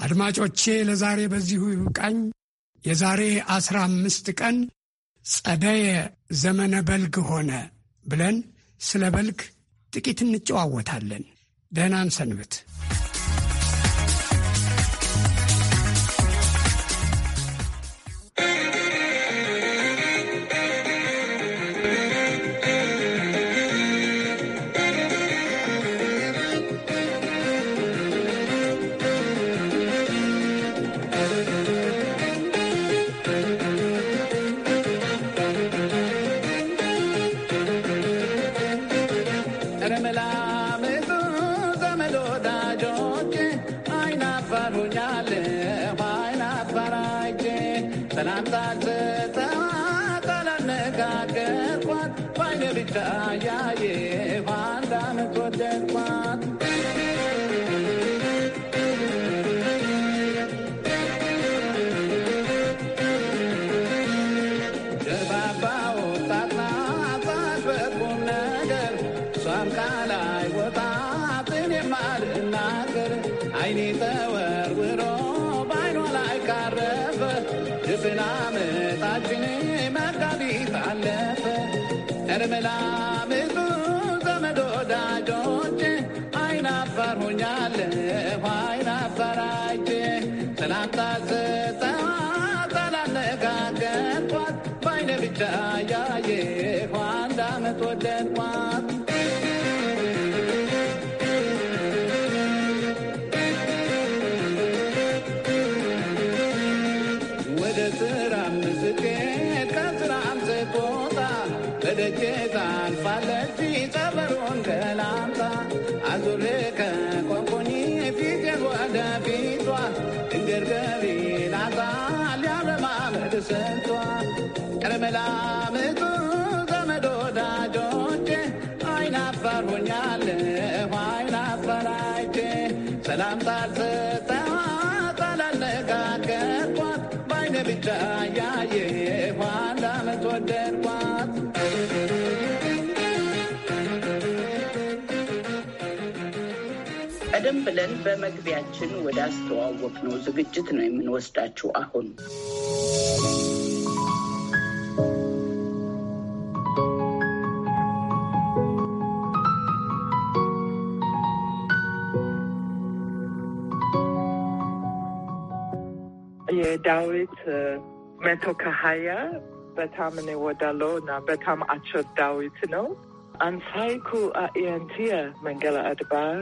S7: አድማጮቼ ለዛሬ በዚሁ ይብቃኝ። የዛሬ አስራ አምስት ቀን ጸደየ ዘመነ በልግ ሆነ ብለን ስለ በልግ ጥቂት እንጨዋወታለን። ደህናን ሰንብት።
S9: ትላንት አዘጠዋ ታላለጋገጥኳት ባይነ ብቻ ያ
S1: ብለን በመግቢያችን ወደ አስተዋወቅ ነው ዝግጅት ነው የምንወስዳችሁ አሁን
S2: የዳዊት መቶ ከሀያ በጣም እኔ ወዳለው እና በጣም አጭር ዳዊት ነው። አንሳይኩ አእየንቲየ መንገለ አድባር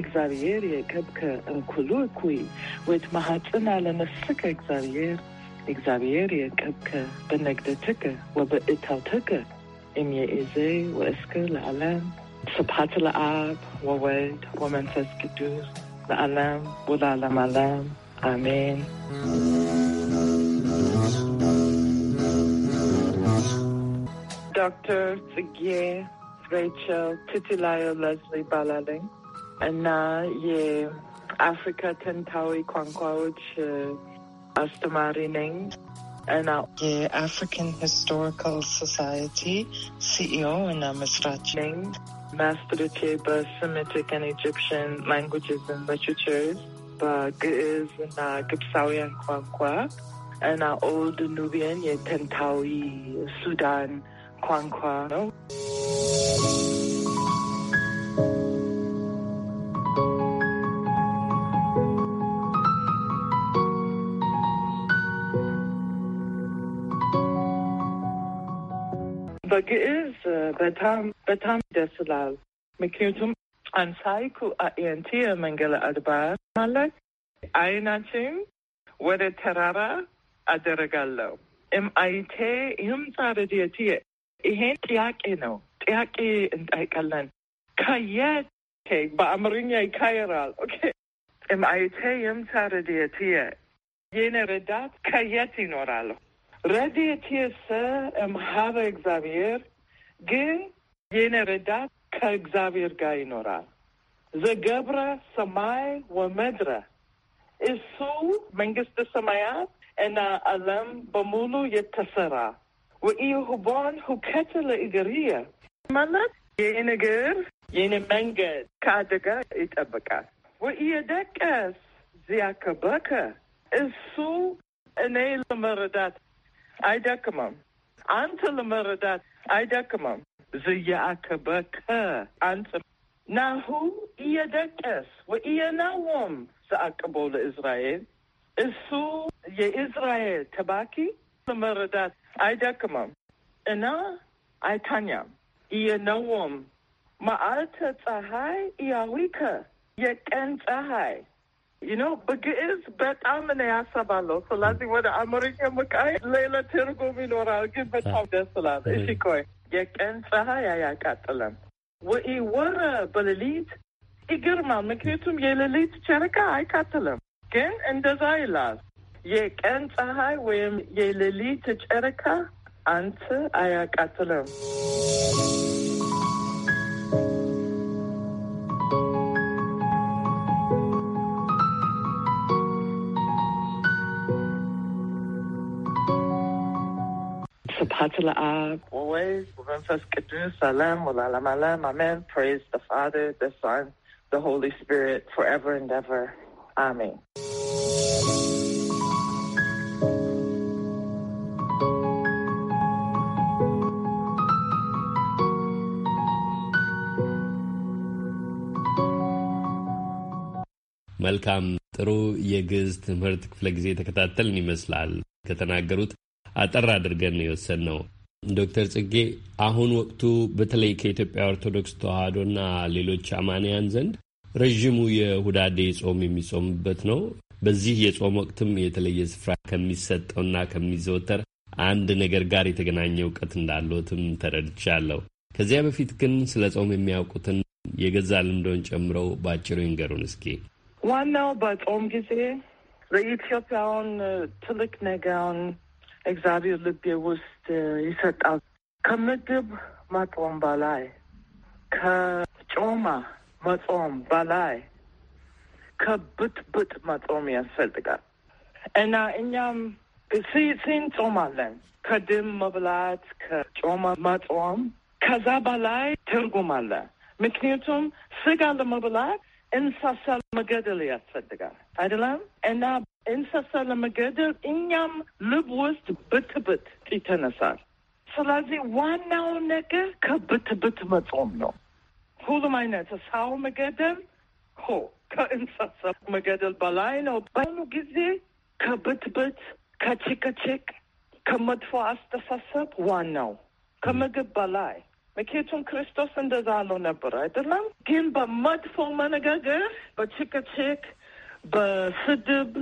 S2: እግዚአብሔር የገብከ እንኩሉ እኩይ ወት ማሐፅን አለመስከ እግዚአብሔር እግዚአብሔር የገብከ በነግደትከ ወበእታውተከ እምየእዜ ወእስከ ለዓለም ስብሐት ለአብ ወወልድ ወመንፈስ ቅዱስ ለዓለም ወለዓለም ዓለም አሜን። ዶክተር ጽጌ ሬቸል ትትላዮ ለዝሊ ይባላለኝ። እና የአፍሪካ ጥንታዊ ቋንቋዎች አስተማሪ ነኝ እና የአፍሪካን ሂስቶሪካል ሶሳይቲ ሲኢኦ እና መስራች ነኝ። ማስተርቼ በሴሜቲክን ኢጂፕሽን ላንጉጅስ ን ሊትሬቸርስ በግዕዝ እና ግብፃውያን ቋንቋ እና ኦልድ ኑቢያን የጥንታዊ ሱዳን ቋንቋ ነው። በግዕዝ በጣም በጣም ደስ ይላል። ምክንያቱም አንሳይኩ አንቲ መንገለ አድባር ማለት አይናችን ወደ ተራራ አደረጋለሁ እምአይቴ አይቴ ይህም ሳረድየት ይሄን ጥያቄ ነው። ጥያቄ እንጠይቃለን። ከየት በአምርኛ ይካይራል። እምአይቴ ይህም ሳረድየት የኔ ረዳት ከየት ይኖራለሁ ረድኤትየሰ እምኀበ እግዚአብሔር ግን የኔ ረዳት ከእግዚአብሔር ጋር ይኖራል። ዘገብረ ሰማይ ወመድረ እሱ መንግስተ ሰማያት እና ዓለም በሙሉ የተሰራ ወኢይሁቦን ሁከት ለእግርየ ማለት የኔ እግር የኔ መንገድ ከአደጋ ይጠብቃል። ወኢየደቅስ ዚያከበከ እሱ እኔ ለመረዳት አይደክመም። አንተ ለመረዳት አይደክመም። ዝያአከበከ አንተ ናሁ እየደቀስ ወእየናወም ዘአቅቦ ለእስራኤል እሱ የእስራኤል ተባኪ ለመረዳት አይደክመም እና አይታኛም። እየነወም ማአልተ ፀሐይ እያዊከ የቀን ፀሐይ ነው። በግዕዝ በጣም ነው ያሰባለው። ስለዚህ ወደ አማርኛ መቃይ ሌላ ትርጉም ይኖራል፣ ግን በጣም ደስ ይላል። እሺ ቆይ የቀን ፀሐይ አያቃጥለም ወይ ወረ በሌሊት ይግርማ። ምክንያቱም የሌሊት ጨረቃ አይቃጥልም፣ ግን እንደዛ ይላል የቀን ፀሐይ ወይም የሌሊት ጨረቃ አንተ አያቃጥልም። Hatala'a. Always Memphis Kedus Salam Walalam Alam. Amen. Praise the Father, the Son, the Holy Spirit, forever and ever. Amen.
S3: መልካም ጥሩ የግዕዝ ትምህርት ክፍለ ጊዜ ተከታተልን ይመስላል ከተናገሩት አጠር አድርገን ነው የወሰድነው። ዶክተር ጽጌ አሁን ወቅቱ በተለይ ከኢትዮጵያ ኦርቶዶክስ ተዋሕዶና ሌሎች አማንያን ዘንድ ረዥሙ የሁዳዴ ጾም የሚጾምበት ነው። በዚህ የጾም ወቅትም የተለየ ስፍራ ከሚሰጠውና ከሚዘወተር አንድ ነገር ጋር የተገናኘ እውቀት እንዳለትም ተረድቻለሁ። ከዚያ በፊት ግን ስለ ጾም የሚያውቁትን የገዛ ልምዶን ጨምረው በአጭሩ ይንገሩን እስኪ።
S2: ዋናው በጾም ጊዜ ለኢትዮጵያውን ትልቅ ነገውን እግዚአብሔር ልቤ ውስጥ ይሰጣል። ከምግብ መጦም በላይ ከጮማ መጾም በላይ ከብጥብጥ መጾም ያስፈልጋል እና እኛም ስንጾማለን ከድም መብላት ከጮማ መጾም ከዛ በላይ ትርጉም አለ። ምክንያቱም ስጋ ለመብላት እንስሳ መገደል ያስፈልጋል አይደለም እና እንስሳ ለመገደል እኛም ልብ ውስጥ ብትብት ይተነሳል። ስለዚህ ዋናው ነገር ከብትብት መጾም ነው። ሁሉም አይነት ሰው መገደል ሆ ከእንስሳ መገደል በላይ ነው። በአሁኑ ጊዜ ከብትብት ከችክችክ ከመጥፎ አስተሳሰብ ዋናው ከምግብ በላይ ምክንያቱም ክርስቶስ እንደዛ አለው ነበር አይደለም? ግን በመጥፎ መነጋገር፣ በችክችክ በስድብ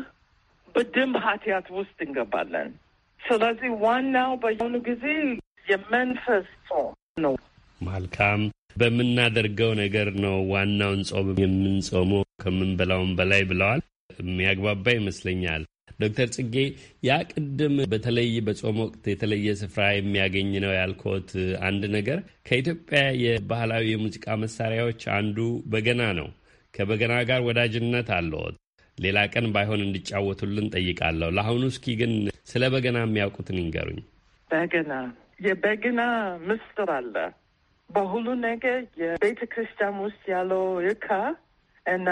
S2: በደንብ ኃጢአት ውስጥ እንገባለን። ስለዚህ ዋናው በየሆኑ ጊዜ የመንፈስ ጾም ነው።
S3: መልካም በምናደርገው ነገር ነው ዋናውን ጾም የምንጾመው ከምንበላውን በላይ ብለዋል። የሚያግባባ ይመስለኛል። ዶክተር ጽጌ ያ ቅድም በተለይ በጾም ወቅት የተለየ ስፍራ የሚያገኝ ነው ያልኮት አንድ ነገር ከኢትዮጵያ የባህላዊ የሙዚቃ መሳሪያዎች አንዱ በገና ነው። ከበገና ጋር ወዳጅነት አለዎት? ሌላ ቀን ባይሆን እንዲጫወቱልን ጠይቃለሁ። ለአሁኑ እስኪ ግን ስለ በገና የሚያውቁትን ይንገሩኝ።
S2: በገና የበገና ምስጢር አለ። በሁሉ ነገር የቤተ ክርስቲያን ውስጥ ያለው እካ እና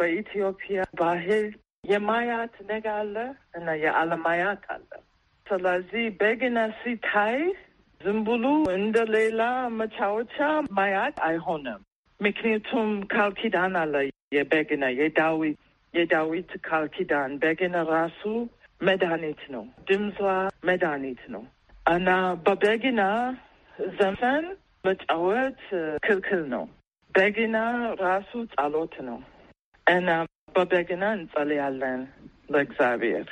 S2: በኢትዮጵያ ባህል የማያት ነገር አለ እና የአለማያት አለ። ስለዚህ በገና ሲታይ ዝም ብሎ እንደ ሌላ መጫወቻ ማያት አይሆንም። ምክንያቱም ካልኪዳን አለ። የበገና የዳዊት የዳዊት ካልኪዳን በገና ራሱ መድኃኒት ነው። ድምጿ መድኃኒት ነው እና በበገና ዘፈን መጫወት ክልክል ነው። በገና ራሱ ጸሎት ነው እና በበግና እንጸልያለን ለእግዚአብሔር።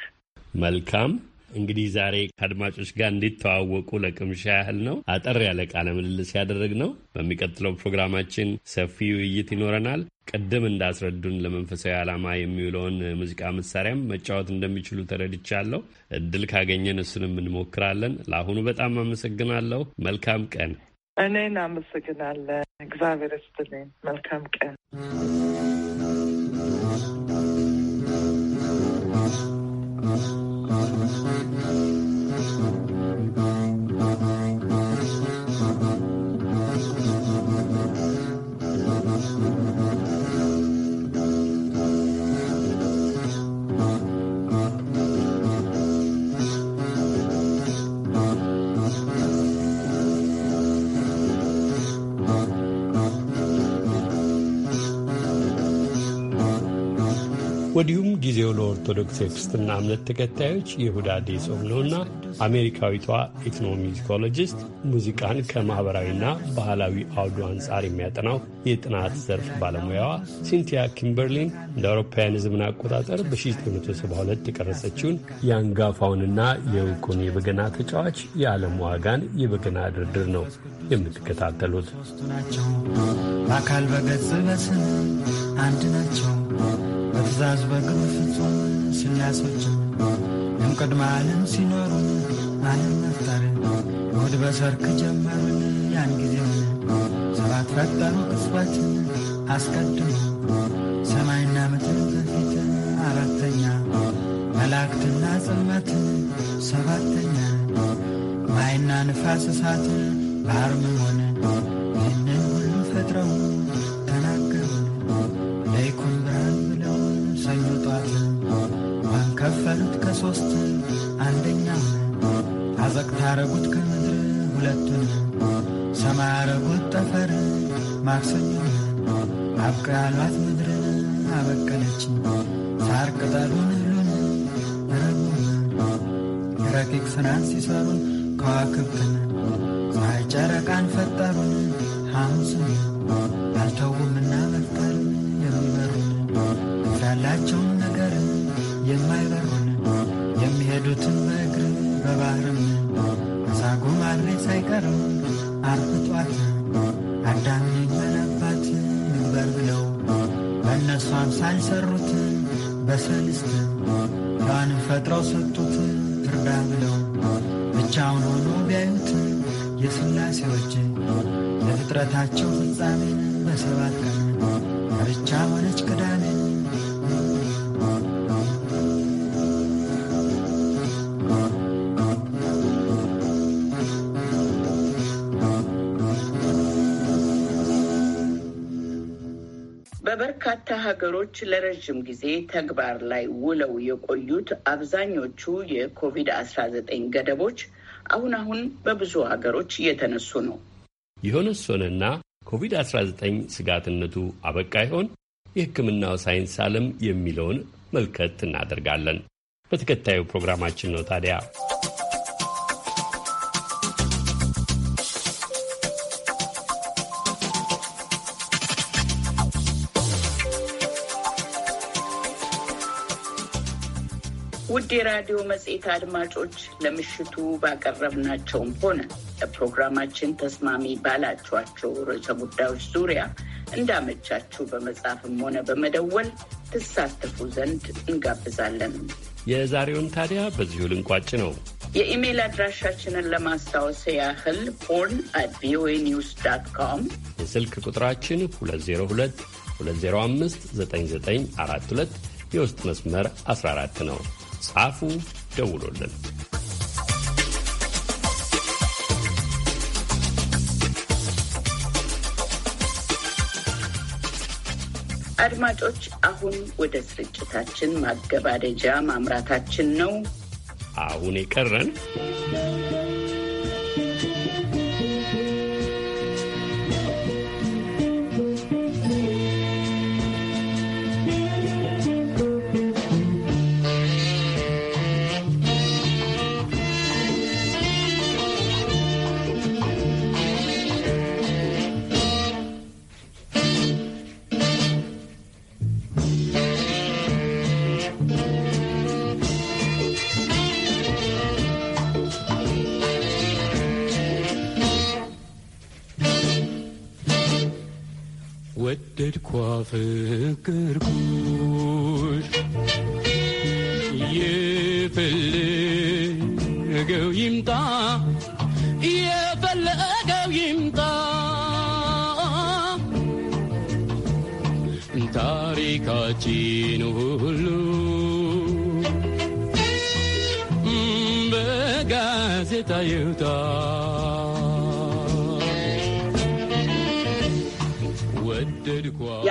S3: መልካም እንግዲህ ዛሬ ከአድማጮች ጋር እንዲተዋወቁ ለቅምሻ ያህል ነው አጠር ያለ ቃለ ምልልስ ያደረግ ነው። በሚቀጥለው ፕሮግራማችን ሰፊ ውይይት ይኖረናል። ቅድም እንዳስረዱን ለመንፈሳዊ ዓላማ የሚውለውን ሙዚቃ መሳሪያም መጫወት እንደሚችሉ ተረድቻለሁ። እድል ካገኘን እሱንም እንሞክራለን። ለአሁኑ በጣም አመሰግናለሁ። መልካም ቀን።
S2: እኔን አመሰግናለን። እግዚአብሔር ይስጥልኝ። መልካም ቀን
S3: ወዲሁም ጊዜው ለኦርቶዶክስ የክርስትና እምነት ተከታዮች የሁዳዴ ጾም ነውና አሜሪካዊቷ ኢትኖሚዚኮሎጂስት ሙዚቃን ከማኅበራዊና ባህላዊ አውዱ አንጻር የሚያጠናው የጥናት ዘርፍ ባለሙያዋ ሲንቲያ ኪምበርሊን እንደ አውሮፓውያን ዘመን አቆጣጠር በ1972 የቀረጸችውን የአንጋፋውንና የእውቁን የበገና ተጫዋች የዓለም ዋጋን የበገና ድርድር ነው የምትከታተሉት።
S10: በአካል በገጽ በስም አንድ ናቸው። በትእዛዝ በግብ ፍጹም ስላሶች እምቅድመ ዓለም ሲኖሩ ዓለም መፍጠርን እሑድ በሰርክ ጀመርን ያን ጊዜ ሰባት ፈጠሩ ቅጽበት አስቀድሞ ሰማይና ምድር በፊት አራተኛ መላእክትና ጽልመት ሰባተኛ ማይና ንፋስ እሳት ባህርም ሆነ ይህንን ሁሉ ፈጥረው አረጉት ከምድር ሁለቱን ሰማይ አረጉት ጠፈር ማክሰኞ አብቃ ያሏት ምድርን አበቀለች ሳር ቅጠሉን እህሉን ረቡ ረቂቅ ስራን ሲሰሩ ከዋክብትን ፀሐይ ጨረቃን ፈጠሩን ሐሙስን አልተው
S1: በበርካታ ሀገሮች ለረዥም ጊዜ ተግባር ላይ ውለው የቆዩት አብዛኞቹ የኮቪድ 19 ገደቦች አሁን አሁን በብዙ ሀገሮች እየተነሱ ነው።
S3: የሆነ ሶነና ኮቪድ 19 ስጋትነቱ አበቃ ይሆን? የሕክምናው ሳይንስ ዓለም የሚለውን መልከት እናደርጋለን። በተከታዩ ፕሮግራማችን ነው ታዲያ
S1: ውድ የራዲዮ መጽሔት አድማጮች ለምሽቱ ባቀረብናቸውም ሆነ ለፕሮግራማችን ተስማሚ ባላችኋቸው ርዕሰ ጉዳዮች ዙሪያ እንዳመቻችሁ በመጻፍም ሆነ በመደወል ትሳተፉ ዘንድ እንጋብዛለን።
S3: የዛሬውን ታዲያ በዚሁ ልንቋጭ ነው።
S1: የኢሜይል አድራሻችንን ለማስታወስ ያህል ሆርን አት ቪኦኤ ኒውስ ዳት
S3: የስልክ ቁጥራችን 202 205 9942 የውስጥ መስመር 14 ነው። ጻፉ፣ ደውሎልን
S1: አድማጮች አሁን ወደ ስርጭታችን ማገባደጃ ማምራታችን ነው።
S3: አሁን የቀረን
S10: ኳ ፍቅርኩ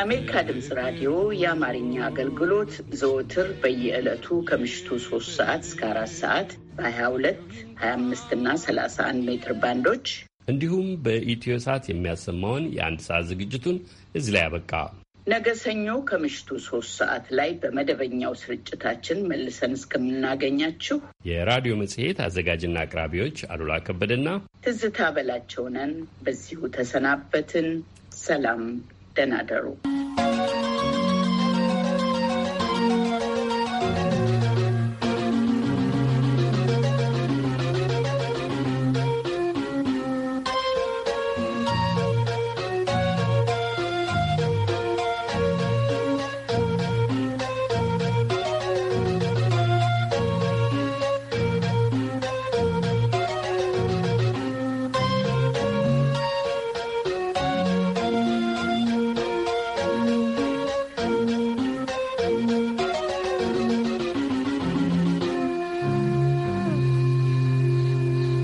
S1: የአሜሪካ ድምፅ ራዲዮ የአማርኛ አገልግሎት ዘወትር በየዕለቱ ከምሽቱ ሶስት ሰዓት እስከ አራት ሰዓት በሀያ ሁለት ሀያ አምስት እና ሰላሳ አንድ ሜትር ባንዶች
S3: እንዲሁም በኢትዮ ሰዓት የሚያሰማውን የአንድ ሰዓት ዝግጅቱን እዚህ ላይ ያበቃ።
S1: ነገ ሰኞ ከምሽቱ ሶስት ሰዓት ላይ በመደበኛው ስርጭታችን መልሰን እስከምናገኛችሁ
S3: የራዲዮ መጽሔት አዘጋጅና አቅራቢዎች አሉላ ከበደና
S1: ትዝታ በላቸውነን በዚሁ ተሰናበትን። ሰላም፣ ደህና ደሩ።